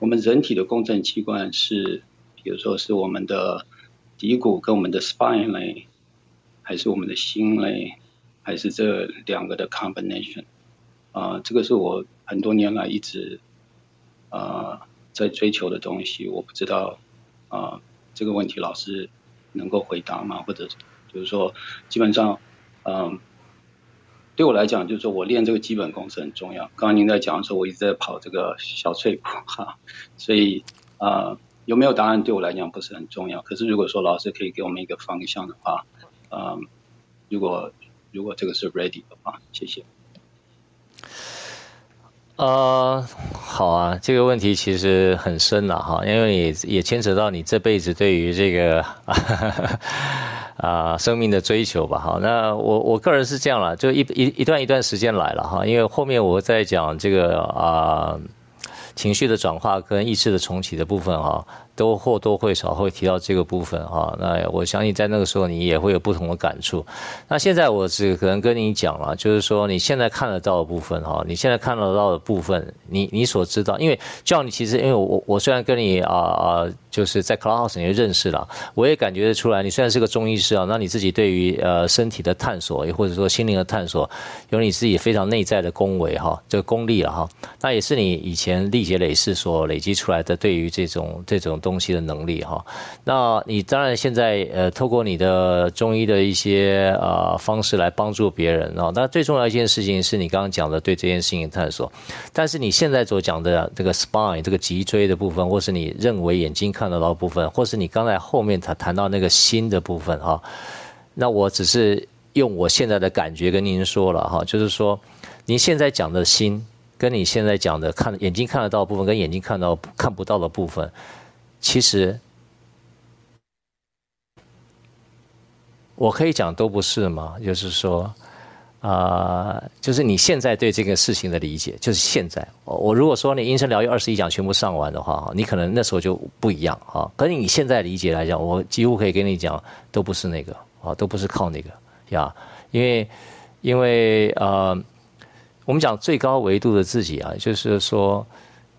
我們人體的共振器官是，比如說，是我們的骶骨跟我們的 spine 類，還是我們的心類，還是這兩個的 combination？啊，這個是我很多年來一直啊在追求的東西。我不知道啊這個問題老師能夠回答嗎？或者，就是說，基本上，嗯。對我來講，就是說我練這個基本功是很重要。剛剛您在講的時候，我一直在跑這個小碎步哈，所以啊、呃，有沒有答案對我來講不是很重要。可是如果說老師可以給我們一個方向的話，嗯、呃，如果如果這個是 ready 的話，謝謝。呃，好啊，這個問題其實很深了、啊、哈，因為也也牽扯到你這輩子對於這個。 啊，生命的追求吧，哈。那我我個人是這樣了，就一一一段一段時間來了，哈。因為後面我在講這個啊，情緒的轉化跟意識的重啟的部分，哈。都或多或少會提到這個部分哈，那我相信在那個時候你也會有不同的感觸。那現在我只可能跟你講了，就是說你現在看得到的部分哈，你現在看得到的部分，你你所知道，因為叫你其實因為我我雖然跟你啊啊、呃、就是在 Clubhouse 你也認識了，我也感覺得出來，你雖然是個中醫師啊，那你自己對於呃身體的探索，也或者說心靈的探索，有你自己非常內在的恭維哈，這個功力了哈，那也是你以前歷劫累世所累積出來的對於這種這種。東西的能力哈，那你當然現在呃，透過你的中醫的一些呃方式來幫助別人啊。那最重要一件事情是你剛剛講的對這件事情探索。但是你現在所講的這個 spine 這個脊椎的部分，或是你認為眼睛看得到的部分，或是你剛才後面談談到那個心的部分哈，那我只是用我現在的感覺跟您說了哈，就是說你現在講的心，跟你現在講的看眼睛看得到的部分，跟眼睛看到看不到的部分。其實，我可以講都不是嘛，就是說，啊、呃，就是你現在對這個事情的理解，就是現在。我我如果說你音聲療癒二十一講全部上完的話，你可能那時候就不一樣啊。可是你現在理解來講，我幾乎可以跟你講，都不是那個啊，都不是靠那個呀，因為因為呃，我們講最高維度的自己啊，就是說。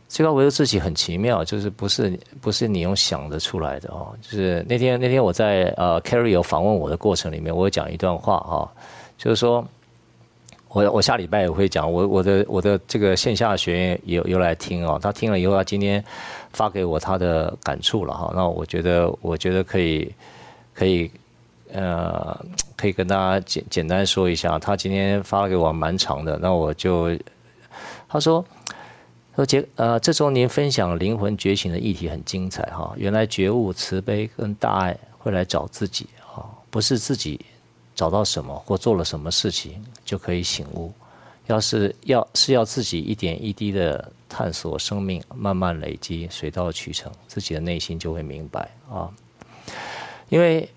這個我自己很奇妙，就是不是不是你用想得出來的哦。就是那天那天我在呃，Carry 有訪問我的過程裡面，我有講一段話啊、哦，就是說，我我下禮拜也會講，我我的我的這個線下學員也有有來聽哦，他聽了以後，他今天發給我他的感觸了哈、哦。那我覺得我覺得可以可以呃，可以跟大家簡簡單說一下。他今天發給我蠻長的，那我就他說。說杰，呃，這週您分享靈魂覺醒的議題很精彩哈。原來覺悟、慈悲跟大愛會來找自己啊，不是自己找到什麼或做了什麼事情就可以醒悟。要是要是要自己一點一滴的探索生命，慢慢累積，水到渠成，自己的內心就會明白啊。因為。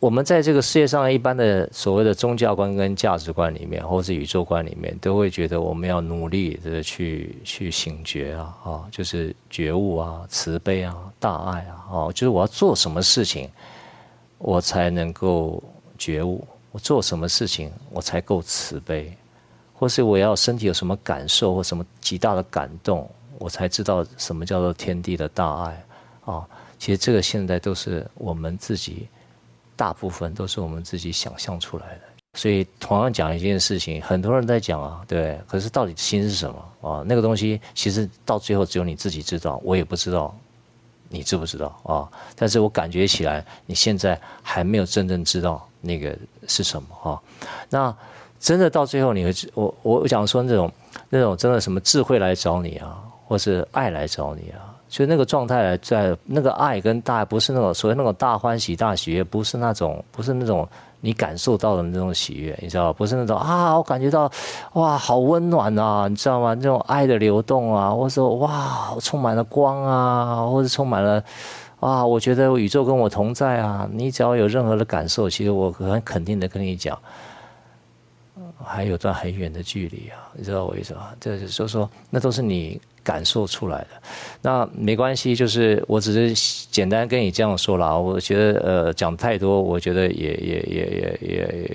我們在這個世界上一般的所謂的宗教觀跟價值觀裡面，或是宇宙觀裡面，都會覺得我們要努力的去去醒覺啊，啊、哦，就是覺悟啊，慈悲啊，大愛啊，啊、哦，就是我要做什麼事情，我才能夠覺悟，我做什麼事情，我才夠慈悲，或是我要身體有什麼感受或什麼極大的感動，我才知道什麼叫做天地的大愛啊、哦。其實這個現在都是我們自己。大部分都是我們自己想象出來的，所以同樣講一件事情，很多人在講啊，對，可是到底心是什麼啊？那個東西其實到最後只有你自己知道，我也不知道，你知不知道啊？但是我感覺起來，你現在還沒有真正知道那個是什麼啊？那真的到最後你會知，我我想說那種那種真的什麼智慧來找你啊，或是愛來找你啊？所以那個狀態在那個愛跟大，不是那種所謂那種大歡喜大喜悅，不是那種不是那種你感受到的那種喜悅，你知道嗎？不是那種啊，我感覺到哇好溫暖啊，你知道嗎？那種愛的流動啊，或說哇我充滿了光啊，或者充滿了啊，我覺得我宇宙跟我同在啊。你只要有任何的感受，其實我很肯定的跟你講，還有段很遠的距離啊，你知道我意思嗎？就是說說，那都是你。感受出來的，那沒關係，就是我只是簡單跟你這樣說啦，我覺得呃講太多，我覺得也也也也也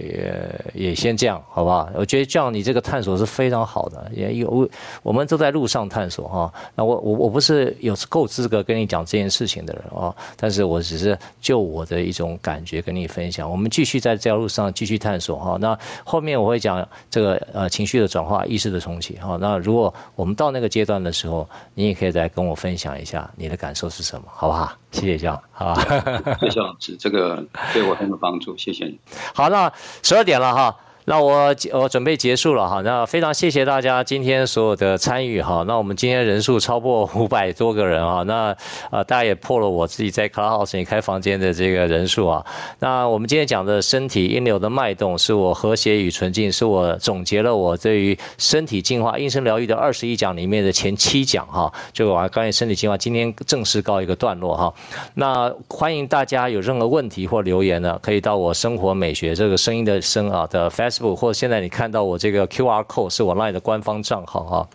也也先這樣，好吧？我覺得這樣你這個探索是非常好的，也有我，我們都在路上探索哈、啊。那我我我不是有夠資格跟你講這件事情的人啊，但是我只是就我的一種感覺跟你分享。我們繼續在這條路上繼續探索哈、啊。那後面我會講這個呃情緒的轉化、意識的重啟哈、啊。那如果我們到那個階段的時候，時候，你也可以來跟我分享一下你的感受是什麼，好不好？嗯、謝謝姜，對好吧？謝謝老師， 這個對我很有幫助，謝謝你。好，那十二點了哈。那我我準備結束了哈，那非常謝謝大家今天所有的參與哈，那我們今天人數超過五百多個人啊，那呃大家也破了我自己在 Clubhouse 你開房間的這個人數啊。那我們今天講的身體音流的脈動是我和諧與純淨，是我總結了我對於身體淨化、音聲療癒的二十一講裡面的前七講哈，就我關於身體淨化今天正式告一個段落哈。那歡迎大家有任何問題或留言呢，可以到我聲活美學這個聲音的聲啊的 Fast。或者現在你看到我這個 QR code 是我 LINE 的官方賬號啊。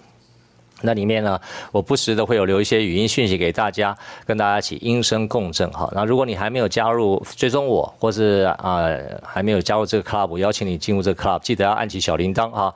那裡面呢，我不時的會有留一些語音訊息給大家，跟大家一起音聲共振哈。那如果你還沒有加入追蹤我，或是啊、呃、還沒有加入這個 club，我邀請你進入這個 club，記得要按起小鈴鐺啊。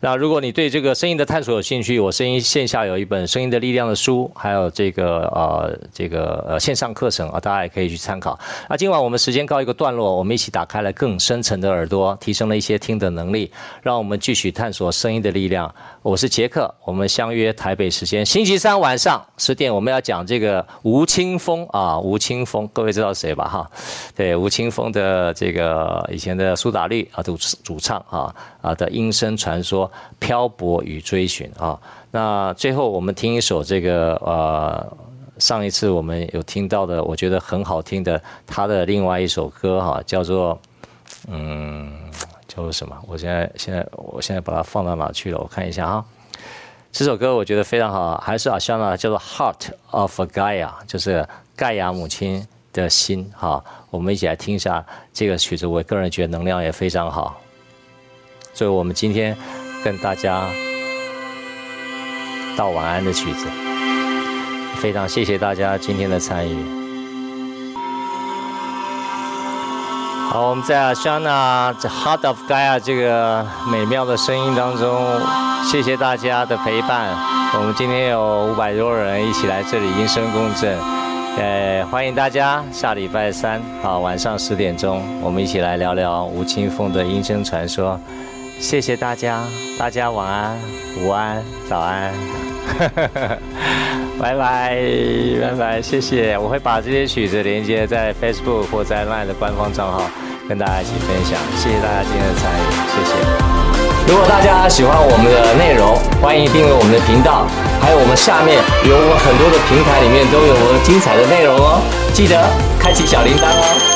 那如果你對這個聲音的探索有興趣，我聲音線下有一本《聲音的力量》的書，還有這個呃這個呃線上課程啊、呃，大家也可以去參考。那今晚我們時間告一個段落，我們一起打開了更深層的耳朵，提升了一些聽的能力，讓我們繼續探索聲音的力量。我是傑克，我們相約台北時間星期三晚上十點，我們要講這個吳青峰啊，吳青峰，各位知道誰吧？哈，對，吳青峰的這個以前的蘇打綠啊，主主唱啊啊的《音聲傳說：漂泊與追尋》啊，那最後我們聽一首這個呃、啊，上一次我們有聽到的，我覺得很好聽的，他的另外一首歌哈、啊，叫做嗯。都是什麼？我現在現在我現在把它放到哪去了？我看一下啊，這首歌我覺得非常好，還是 Ashana，叫做《Heart of Gaia》，就是蓋亞母親的心哈。我們一起來聽一下這個曲子，我個人覺得能量也非常好。所以我們今天跟大家道晚安的曲子，非常謝謝大家今天的參與。好，我們在 Ashana The Heart of Gaia 這個美妙的聲音當中，謝謝大家的陪伴。我們今天有五百多人一起來這裡音聲共振，呃，歡迎大家下禮拜三啊晚上十點鐘，我們一起來聊聊吳青峰的音聲傳說。謝謝大家，大家晚安、午安、早安。 拜拜拜拜，謝謝！我會把這些曲子連接在 Facebook 或在 LINE 的官方賬號，跟大家一起分享。謝謝大家今天的參與，謝謝！如果大家喜歡我們的內容，歡迎訂閱我們的頻道，還有我們下面有我們很多的平台裡面都有我們精彩的內容哦，記得開啟小鈴鐺哦。